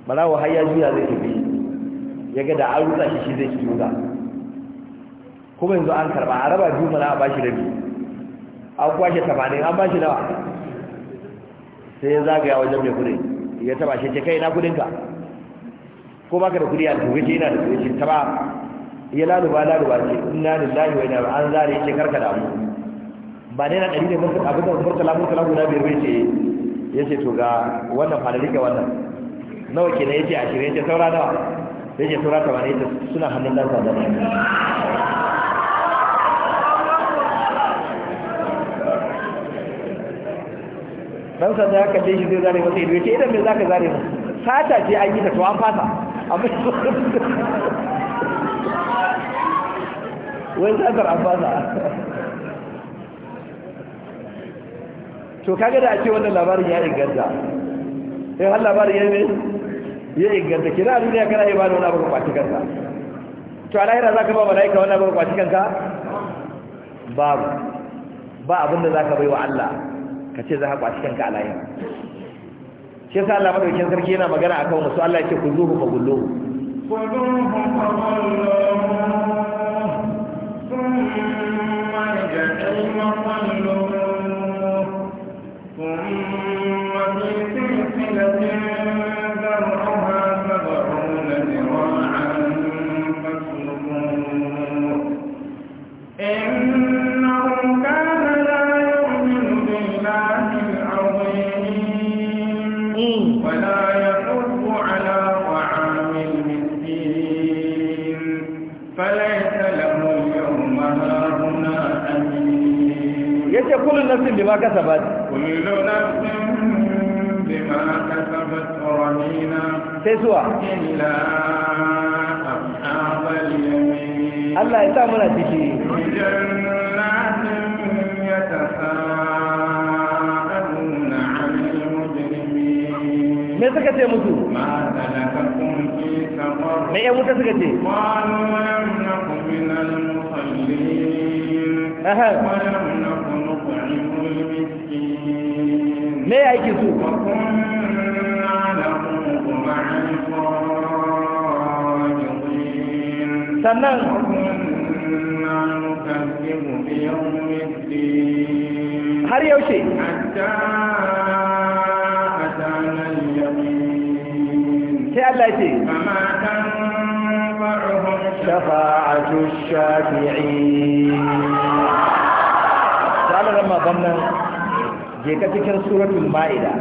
balawo har ya juya zai tafi ya ga da an rutsa shi shi zai ci juza kuma yanzu an karba a raba biyu mana a bashi rabi an kwashe tamanin an bashi nawa sai ya zagaya wajen mai kudin ya taba shi ce kai na kudinka ko baka da kudi a tuwe ce ina da tuwe ce taba ya laluba laluba ce inna lillahi wa inna an zare ce karka damu ba ne na dari da mun abin da murtala kalamu guda biyar bai ce ya ce to ga wannan fadari ga wannan nawa kenan ya ce a ya ce saura nawa ya ce saura ta ya suna hannun dan sa da ne dan sa da ka shi zai zare masa ido ya idan me zaka zare mu sata ce an yi ta to an fasa amma wai satar abbasa to kaga da ake wannan labarin ya inganta ya yi labarin ya yi ya inganta kira a duniya kana ibada wani abu kwaci kanka to a lahira za ka ba mala'ika wani abu kwaci kanka babu ba abinda za ka bai wa Allah ka ce za ka kwaci kanka a lahira shi yasa Allah maɗaukin sarki yana magana a kawo masu Allah ya ce ku zuhu Ba gullo. ku zuhu fa ثم الجحيم صلوه ثم في سلسلة ذرعها سبعون ذراعا فاسلكوه إنه كان لا يؤمن بالله العظيم إيه. ولا يؤمن كل الناس بما كسبت كل نفس بما كسبت رهينة سيسوى إلا أصحاب اليمين الله يتامل تجي بجنات يتساءلون عن المجرمين ما سكت يا ما سلككم في سفر ما يا موسى سكت قالوا لم من المصلين أهل. ولم me ya yake su sannan har yaushe sai Allah ce shafa'atu shafi'in sai Allah ramma bannan je ka cikin suratul ma'ida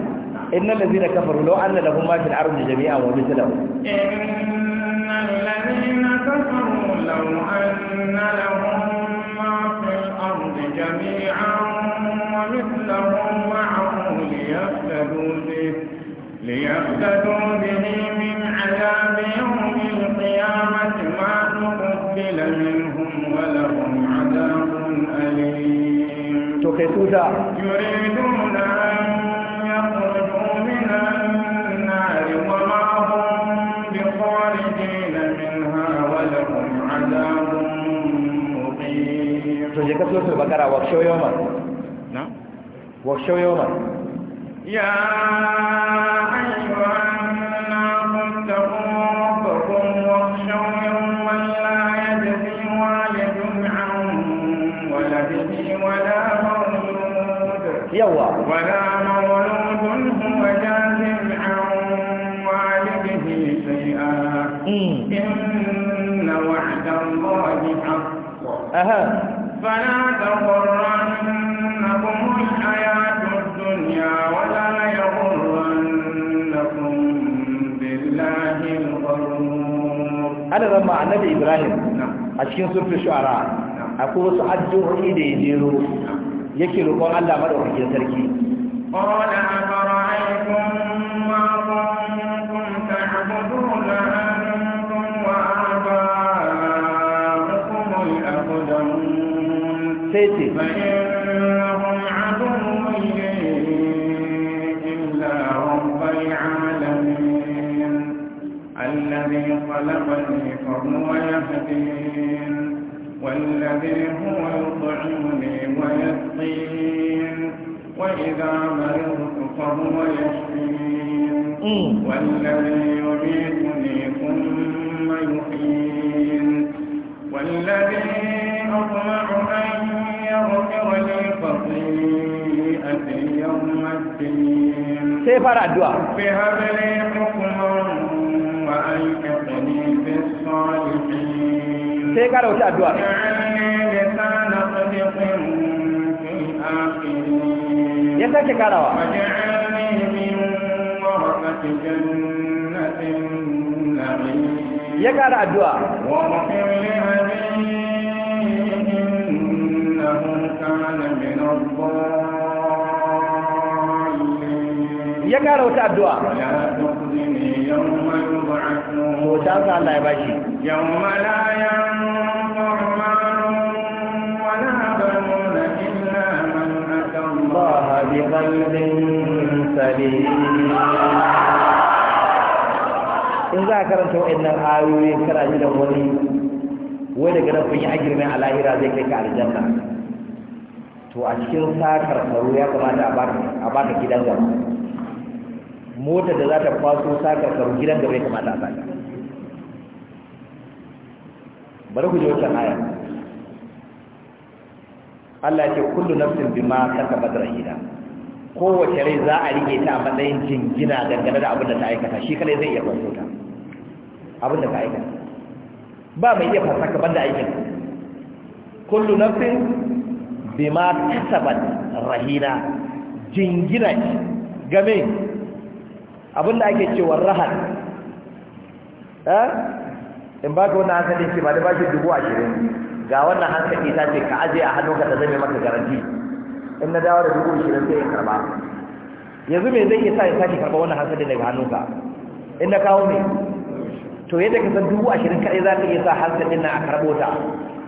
innal ladina kafaru law anna lahum ma fil ardi jami'an wa mithluhu innal ladina kafaru law anna lahum ma fil ardi jami'an wa mithluhu ma'ahu liyaftadu bihi liyaftadu bihi min 'adabi yawm qiyamati ma nuqbil minhum wa lahum 'adabun alim to tuta yuriduna an yakhruju minan nar wa ma hum bi kharijin wa lahum adabun muqim ya yawa wala mawludun huwa jazim an walidihi shay'a inna wa'da allahi haqq aha fala taghrannakum alhayatu ad-dunya wala yaghrannakum billahi al-ghurur adara ma'ana ibrahim a cikin surfi shu'ara akwai wasu addu'o'i da ya jero yake roƙon Allah madaukakin sarki qala afara'aykum ma kuntum ta'buduna antum wa والذي هو ويسقين وإذا مرضت فهو يشفين والذي يميتني ثم يحيين والذي أطمع أن يغفر لي خطيئتي يوم الدين كيف الدعاء رب هب لي حكما وألحقني بالصالحين كيف الدعاء صادق في الآخرين يسألك على واجعلني من ورثة جنة النعيم يقال الدعاء واغفر لأبي إنه كان من الضالين يقال الدعاء ولا تخزني يوم يبعثون وتعالى الله يباشي يوم لا يعلم in za a karanta wa'annan ayoyi kana ji da wani wai daga nan kun yi agirme a lahira zai kai ka aljanna to a cikin sakar tsaro ya kamata a baka gidan gaba motar da za ta kwaso sakar tsaro gidan gaba ya kamata a saka bari ku je wancan ayar Allah ya ce kullu nafsin bima kasabat rahina kowace rai za a rike ta a matsayin jingina dangane da abin da ta aikata shi kadai zai iya kwanto ta abin da ta aikata ba mai iya ka banda aikin kullu nafsin bima kasabat rahina jingina game abin da ake cewa rahar eh in ba ka wani hankali ce ba da ba shi dubu ashirin ga wannan hankali ta ce ka ajiye a hannunka ta zame maka garanti in na dawo da dubu ishirin sai in karba yanzu me zai iya sa in sake karba wannan hasada daga hannunka in na kawo ne to yadda ka san dubu ashirin kaɗai za ka iya sa hasadin na a karɓo ta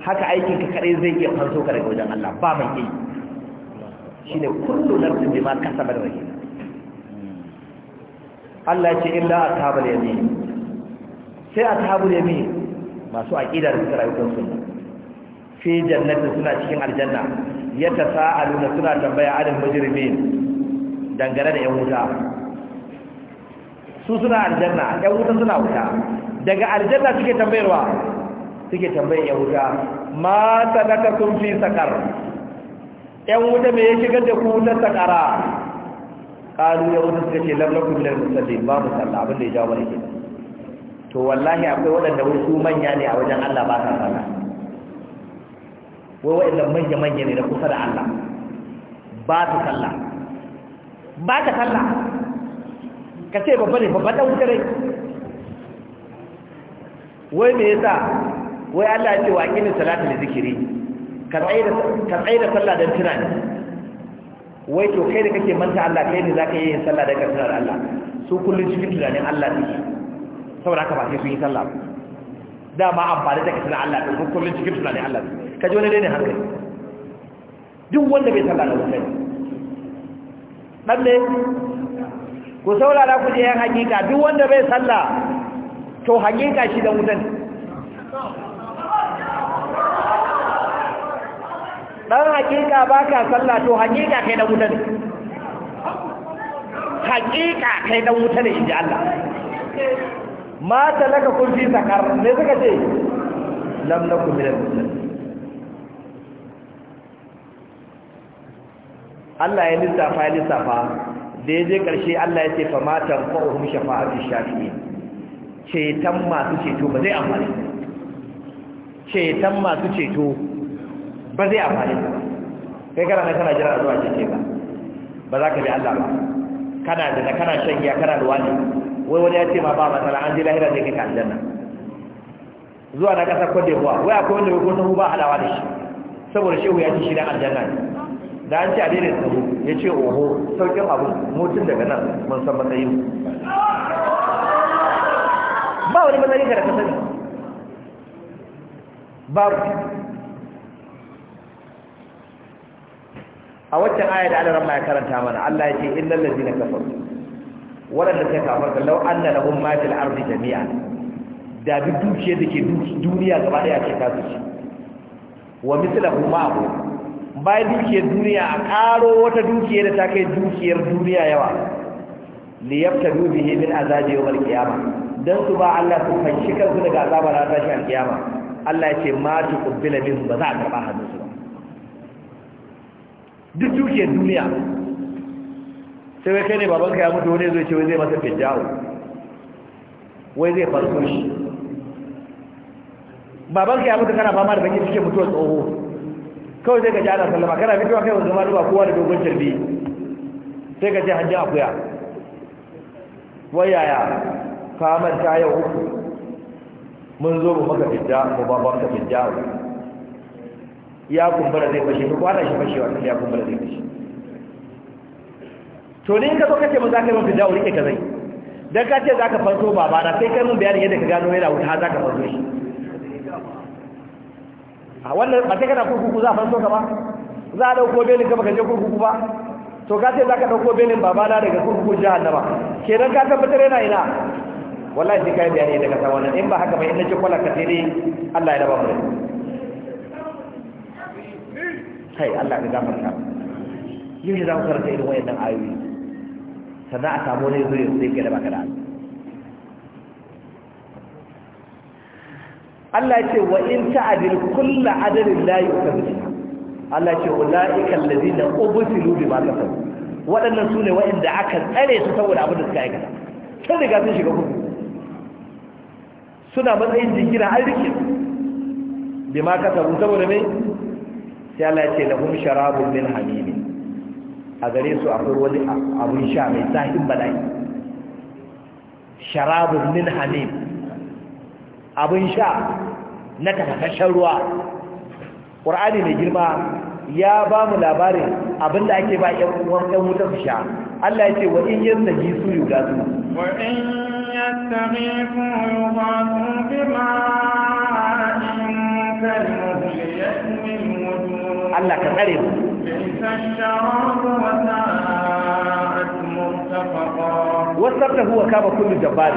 haka aikin ka kaɗai zai iya fanso ka daga wajen Allah ba mai ƙi shine kullu ma kasa kasabat rahim Allah ce illa tabar yamin sai a tabar yamin masu aqidar da suka rayu kan sunna fi jannatin suna cikin aljanna ya ta da suna tambaya adin majirmi dangane da yan wuta su suna aljanna yan wuta suna wuta daga aljanna suke tambayarwa suke tambayar yan wuta ma sadaka sun fi sakar yan wuta me ya shigar da ku wutar sakara kalu ya wuta suka ce lamlakum bilar musalli ba musalla abinda abin da ya jawo mana to wallahi akwai waɗanda wasu manya ne a wajen Allah ba sa sallah wai waɗannan manya-manya ne na kusa da Allah ba su sallah ba ta talla ka ce babba ne babba ɗan wuce rai wai me yasa wai Allah ya ce wa aqimi salata da zikiri ka tsaye da sallah don tunani wai to kai da kake manta Allah kai ne zaka yi sallah da ka da Allah su kullum cikin tunanin Allah ne saboda haka ba sai sun yi sallah ba dama amfani da kasana Allah ɗin kullum cikin suna ne Allah ka ji wani ne hankali duk wanda bai sallah da wuce ɗan ne ku saurara ku je yan hakika duk wanda bai sallah to hakika shi da wutan ɗan hakika ba ka sallah to hakika kai da wutan hakika kai da wutan ne inji Allah ma talaka kun fi zakar ne suka ce lam nakum min al-muslimin Allah ya lissafa ya lissafa da ya je ƙarshe Allah ya ce fa matan fi shafa'atu shafi'in ceton masu ceto ba zai amfani ceton masu ceto ba zai amfani kai kana na kana jira zuwa cece ba ba za ka bi Allah ba kana da kana shan giya kana da wani wai wani ya ce ma ba matsala an je lahira zai kai ka aljanna zuwa na ƙasar kwade buwa wai akwai wanda ya kusa ba halawa da shi saboda shehu ya ci shi dan aljanna ne da an ce a daidai sahu ya ce oho sauƙin abu mutum daga nan mun san matsayin ba wani matsayin ka da ka sani babu a waccan aya da Allah ya karanta mana Allah ya ce innal ladina kafaru waɗanda suka kafarta lau an na lahun matil arzi jami'a da duk dukiyar da ke duniya gaba ɗaya ce ta su ci wa misila kuma abu bayan dukiyar duniya a ƙaro wata dukiyar da ta kai dukiyar duniya yawa liyabta dubi hebin azabi yau malkiyama don su ba allah su fanshi kansu daga azabar na tashi alkiyama allah ya ce ma tu kubbila min ba za a karɓa su ba duk dukiyar duniya sai wai kai ne babanka ya mutu wani zai ce wai zai masa fijjawo wai zai farko shi babanka ya mutu kana fama da bakin cikin mutuwar tsoho kawai zai gaji ana sallama kana fitowa kai wanzu ma duba kowa da dogon jirbi sai ka ce hanjin akuya wai yaya kamar ta yau uku mun zo mu maka fijja mu ba ka fijjawo ya kumbura zai fashe ko ana shi fashewa ya kumbura zai fashe to ne ka zo kace mun zaka mun fidda rike ka zai dan ka ce zaka farko baba na sai kai mun bayani yadda ka gano yana wuta zaka farko shi a wannan ba sai kana kurkuku za farko ka ba za a dauko belin ka baka je kurkuku ba to ka ce zaka dauko belin baba na daga kurkuku jahannama kenan ka tabbatar yana ina wallahi sai kai bayani daga san wannan in ba haka ba in nace kwala ka tere Allah ya raba mu kai Allah ya gafarta yau ne za ku karanta irin wayannan ayoyi sannan a samu wani zuri sai ke da maka da Allah ya ce wa in ta'adil kullu adalin la yukabiru Allah ya ce ulaika allazina ubtilu bima kasabu waɗannan sune waɗanda aka tsare su saboda abin da suka aikata sun riga sun shiga kuku suna matsayin jingina an rike bima kasabu saboda mai sai Allah ya ce lahum sharabun min hamim a gare su akwai wani abin sha mai zahin bala'i sharabun min hamim abin sha na tafasashen ruwa ƙur'ani mai girma ya ba mu labarin abin da ake ba ‘yan wuta su sha Allah ya ce wa in yin da jisu yi gasu wa su. Allah ka tsare mu بئس الشراب وساءت مرتفقا والسبت هو كاب كل جبار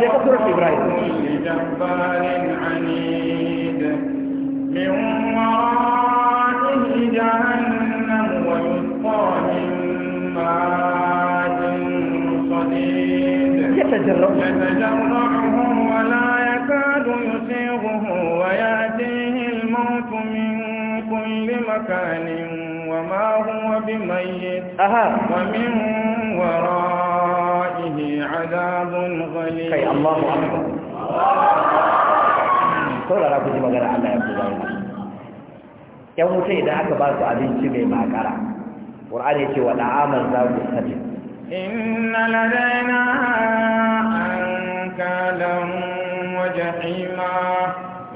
جاء سورة إبراهيم كل جبار عنيد من ورائه جهنم ويسقى من ماء صديد يتجرعه ولا يكاد يسيغه ويأتي kulli makanin wa ma huwa bimayyit wa min wara'ihi adabun ghalib kai Allahu akbar saurara ku ji magana Allah ya kuzo yan wuta idan aka ba su abinci mai makara qur'ani ya ce wa da'aman za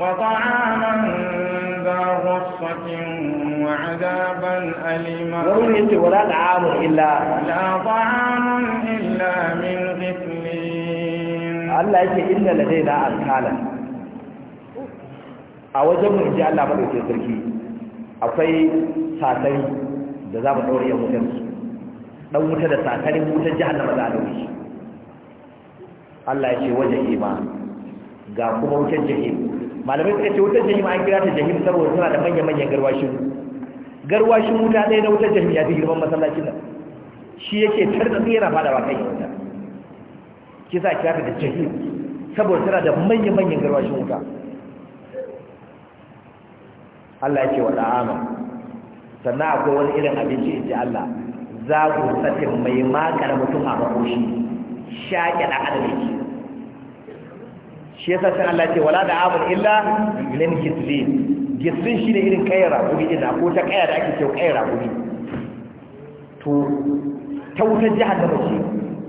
ku ذا غصة وعذابا أليما ولا طعام إلا لا طعام إلا من غسلين الله يجي إلا لدينا أذكالا a wajen mu ji Allah madaukakin sarki akwai satari da za mu ɗaure yan wutar wuta da satarin wutar jahannama za a ɗaure Allah ya ce wajen ga kuma malamai suka ce wutar jahim an kira ta jahim saboda suna da manya-manyan garwashin garwashin wuta ɗaya na wutar jahim ya fi girman masallacin nan shi yake tsaye yana fadawa kan yi wuta kisa kira ta da jahim saboda tana da manya-manyan garwashin wuta Allah ya ce wa ɗa'ama, sannan akwai wani irin abinci in ji Allah za ku tsakin mai makar mutum a makoshi shaƙe da adalci shi yasa sai Allah ce wala da amul illa min Gitsin shi ne irin kaira kuri ina ko ta kaya da ake ce kaira kuri to ta wutar da ce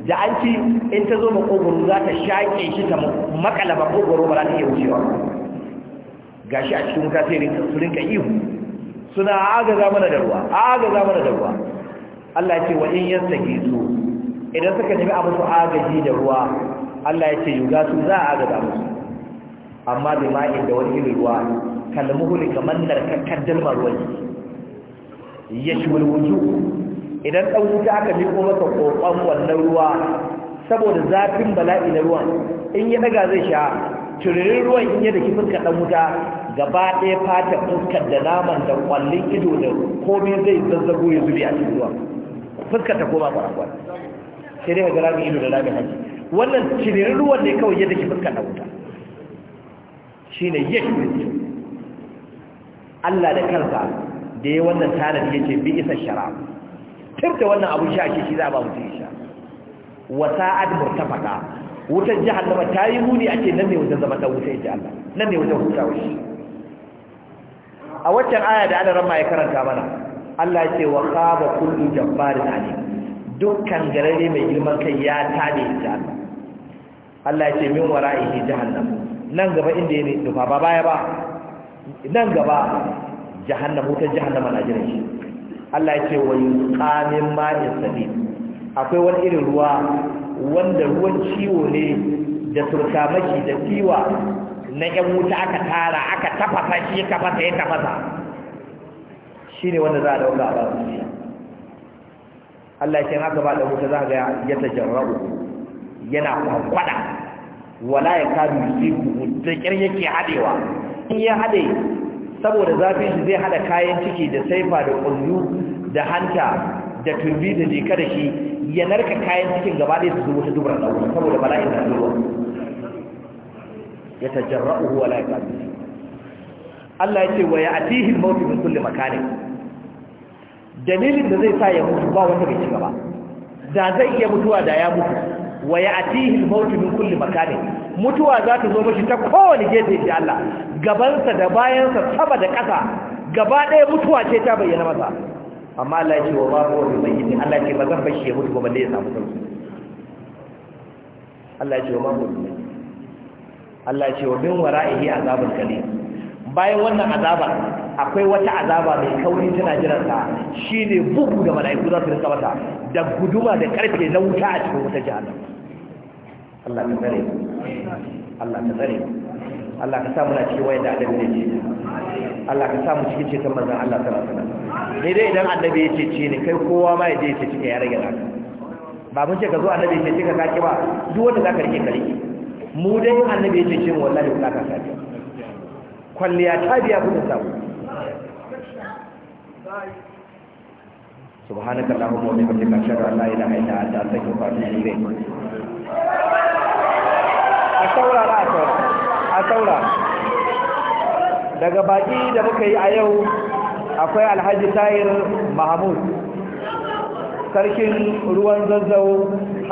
da an ci in ta zo kogoro za ta shaƙe shi ta makala kogoro ba za ta iya wucewa gashi a cikin wuta sai su rinka ihu suna agaza mana da ruwa agaza mana da ruwa Allah ce wa in yasta su idan suka nemi a su agaji da ruwa Allah ya ce yuga su za a gaza musu amma bi ma'in da wani irin ruwa kalmuhuli kamar narkakkar dalmar ruwan ya shi wuju idan ɗan wuta aka miko masa ƙoƙon wannan ruwa saboda zafin bala'i na ruwan in yi daga zai sha turirin ruwan in da kifin ka ɗan wuta gaba ɗaya fata fuskar da naman da ƙwallin ido da komai zai zazzago ya zubi a cikin ruwan fuskar ta koma ba sai dai ka ga rami ido da rami hanci wannan cinirin ruwan ne kawai yadda ke fuskar da wuta shi ne yake shi Allah da kansa da ya wannan tanadi ya ce bi isa shara tun da wannan abu sha shi shi za a ba mutum sha wata admur ta faɗa wutar da ta yi muni ake nan ne wajen zama ta wuta ya ce Allah nan ne wajen wuta wuce a waccan aya da ana ramma ya karanta mana Allah ya ce wa kaba kullu jabbarin alim dukkan garare mai girman kai ya tade ta Allah ya ce min wara'ihi jahannam nan gaba inda yake dufa ba baya ba nan gaba jahannam ta jahannama na jira shi Allah ya ce wa yuqamin min ma'in akwai wani irin ruwa wanda ruwan ciwo ne da turkamaki da tiwa na ƴan wuta aka tara aka tafasa shi ya tafasa ya tafasa shine wanda za a dauka a ba su Allah ya ce haka ba da wuta za ga ya tajarrabu yana kwankwada wala ya kadu yusiku da kyar yake hadewa in ya hade saboda zafin shi zai hada kayan ciki da saifa da kullu da hanta da turbi da jika da shi ya narka kayan cikin gaba da su ta dubar da wuta saboda bala'in da zuwa ya tajarra'uhu wala ya kadu Allah ya ce wa ya atihil mawtu min kulli makanin dalilin da zai sa ya mutu ba wanda bai cika ba da zai iya mutuwa da ya mutu wa ya atihi mautu min kulli makani mutuwa za ta zo mashi ta kowane gefe da Allah gabansa da bayansa saba da ƙasa gaba ɗaya mutuwa ce ta bayyana masa amma Allah ya ce wa babu wani mai Allah ya ce ba zan bashi ya mutu ba balle ya samu sauki Allah ya ce wa babu wani Allah ya ce wa bin wara'ihi azabul kalim bayan wannan azabar akwai wata azaba mai kauri tana jiransa shi ne bugu da mala'iku za su rinka mata da guduma da karfe na wuta a cikin wata jihannam Allah ka tsare Allah ka tsare Allah ka samu na cikin wayan da annabi ne ce Allah ka samu cikin ceton manzon Allah sallallahu alaihi wasallam ne dai idan annabi ya ce ce ne kai kowa ma ya je ya ce ya rage naka ba mun ce ka zo annabi ya ce ka kaki ba duk wanda zaka rike ka rike mu dai annabi ya ce ce wallahi ka ka sa kwalliya ta biya kudin sabo سبحانك اللهم وبحمدك اشهد ان لا اله الا انت استغفرك واتوب اليك a saurara a saurara daga baki da muka yi a yau akwai alhaji tayir mahamud sarkin ruwan zazzau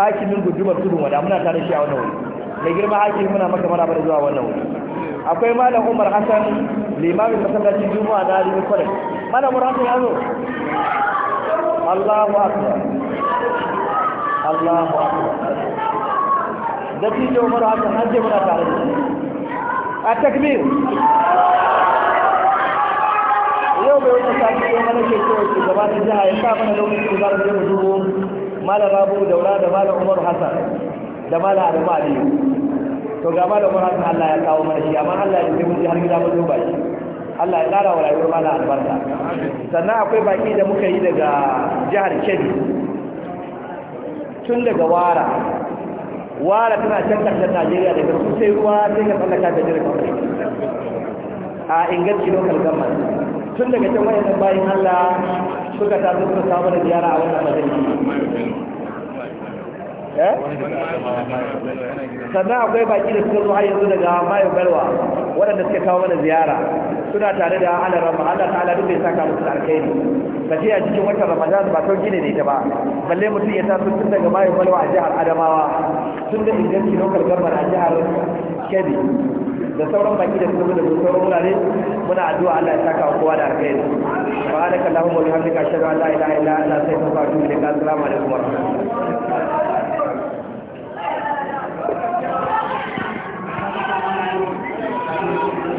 hakimin gudumar tudun wada muna tare shi a wannan wuri mai girma hakimi muna maka maraba da zuwa wannan wuri akwai malam umar hassan limamin masallacin juma'a na rikin kwarai mana muratun ya zo Allahu akbar Allahu akbar da tijo umar hakan hajji muna tare da shi a ah, takbir yau bai wata sati yau mana ke cewa shugaba na jiha ya sa mana lokacin da za mu je mu dubo daura da malam umar Hassan, da malam adamu aliyu to ga malam umar Hassan Allah ya kawo mana shi amma Allah ya je mu ji har gida mu ba shi Allah ya ƙara wa rayuwar mana albarka sannan akwai baki da muka yi daga jihar Kebbi tun daga wara wara tana can ƙarshen Najeriya daga su sai ruwa sai ka tsallaka da jirgin a inganci lokal government tun daga can wayannan bayan Allah suka zo suka samu da ziyara a wannan majalisi eh? sannan akwai baki da suka zo har yanzu daga mayo galwa waɗanda suka kawo mana ziyara suna tare da halar rama Allah ta'ala duk bai saka musu alkhairi tafiya cikin watan ramadan ba sauki ne ne ta ba balle mutum ya tafi tun daga bayan balwa a jihar adamawa tun da inganci lokal gabar a jihar kebbi da sauran baki da suka da sauran wurare muna addu'a Allah ya saka wa kowa da alkhairi alaka allahumma wa bihamdika ashhadu an la ilaha illa anta astaghfiruka wa atubu ilayk assalamu alaikum wa rahmatullahi Thank you.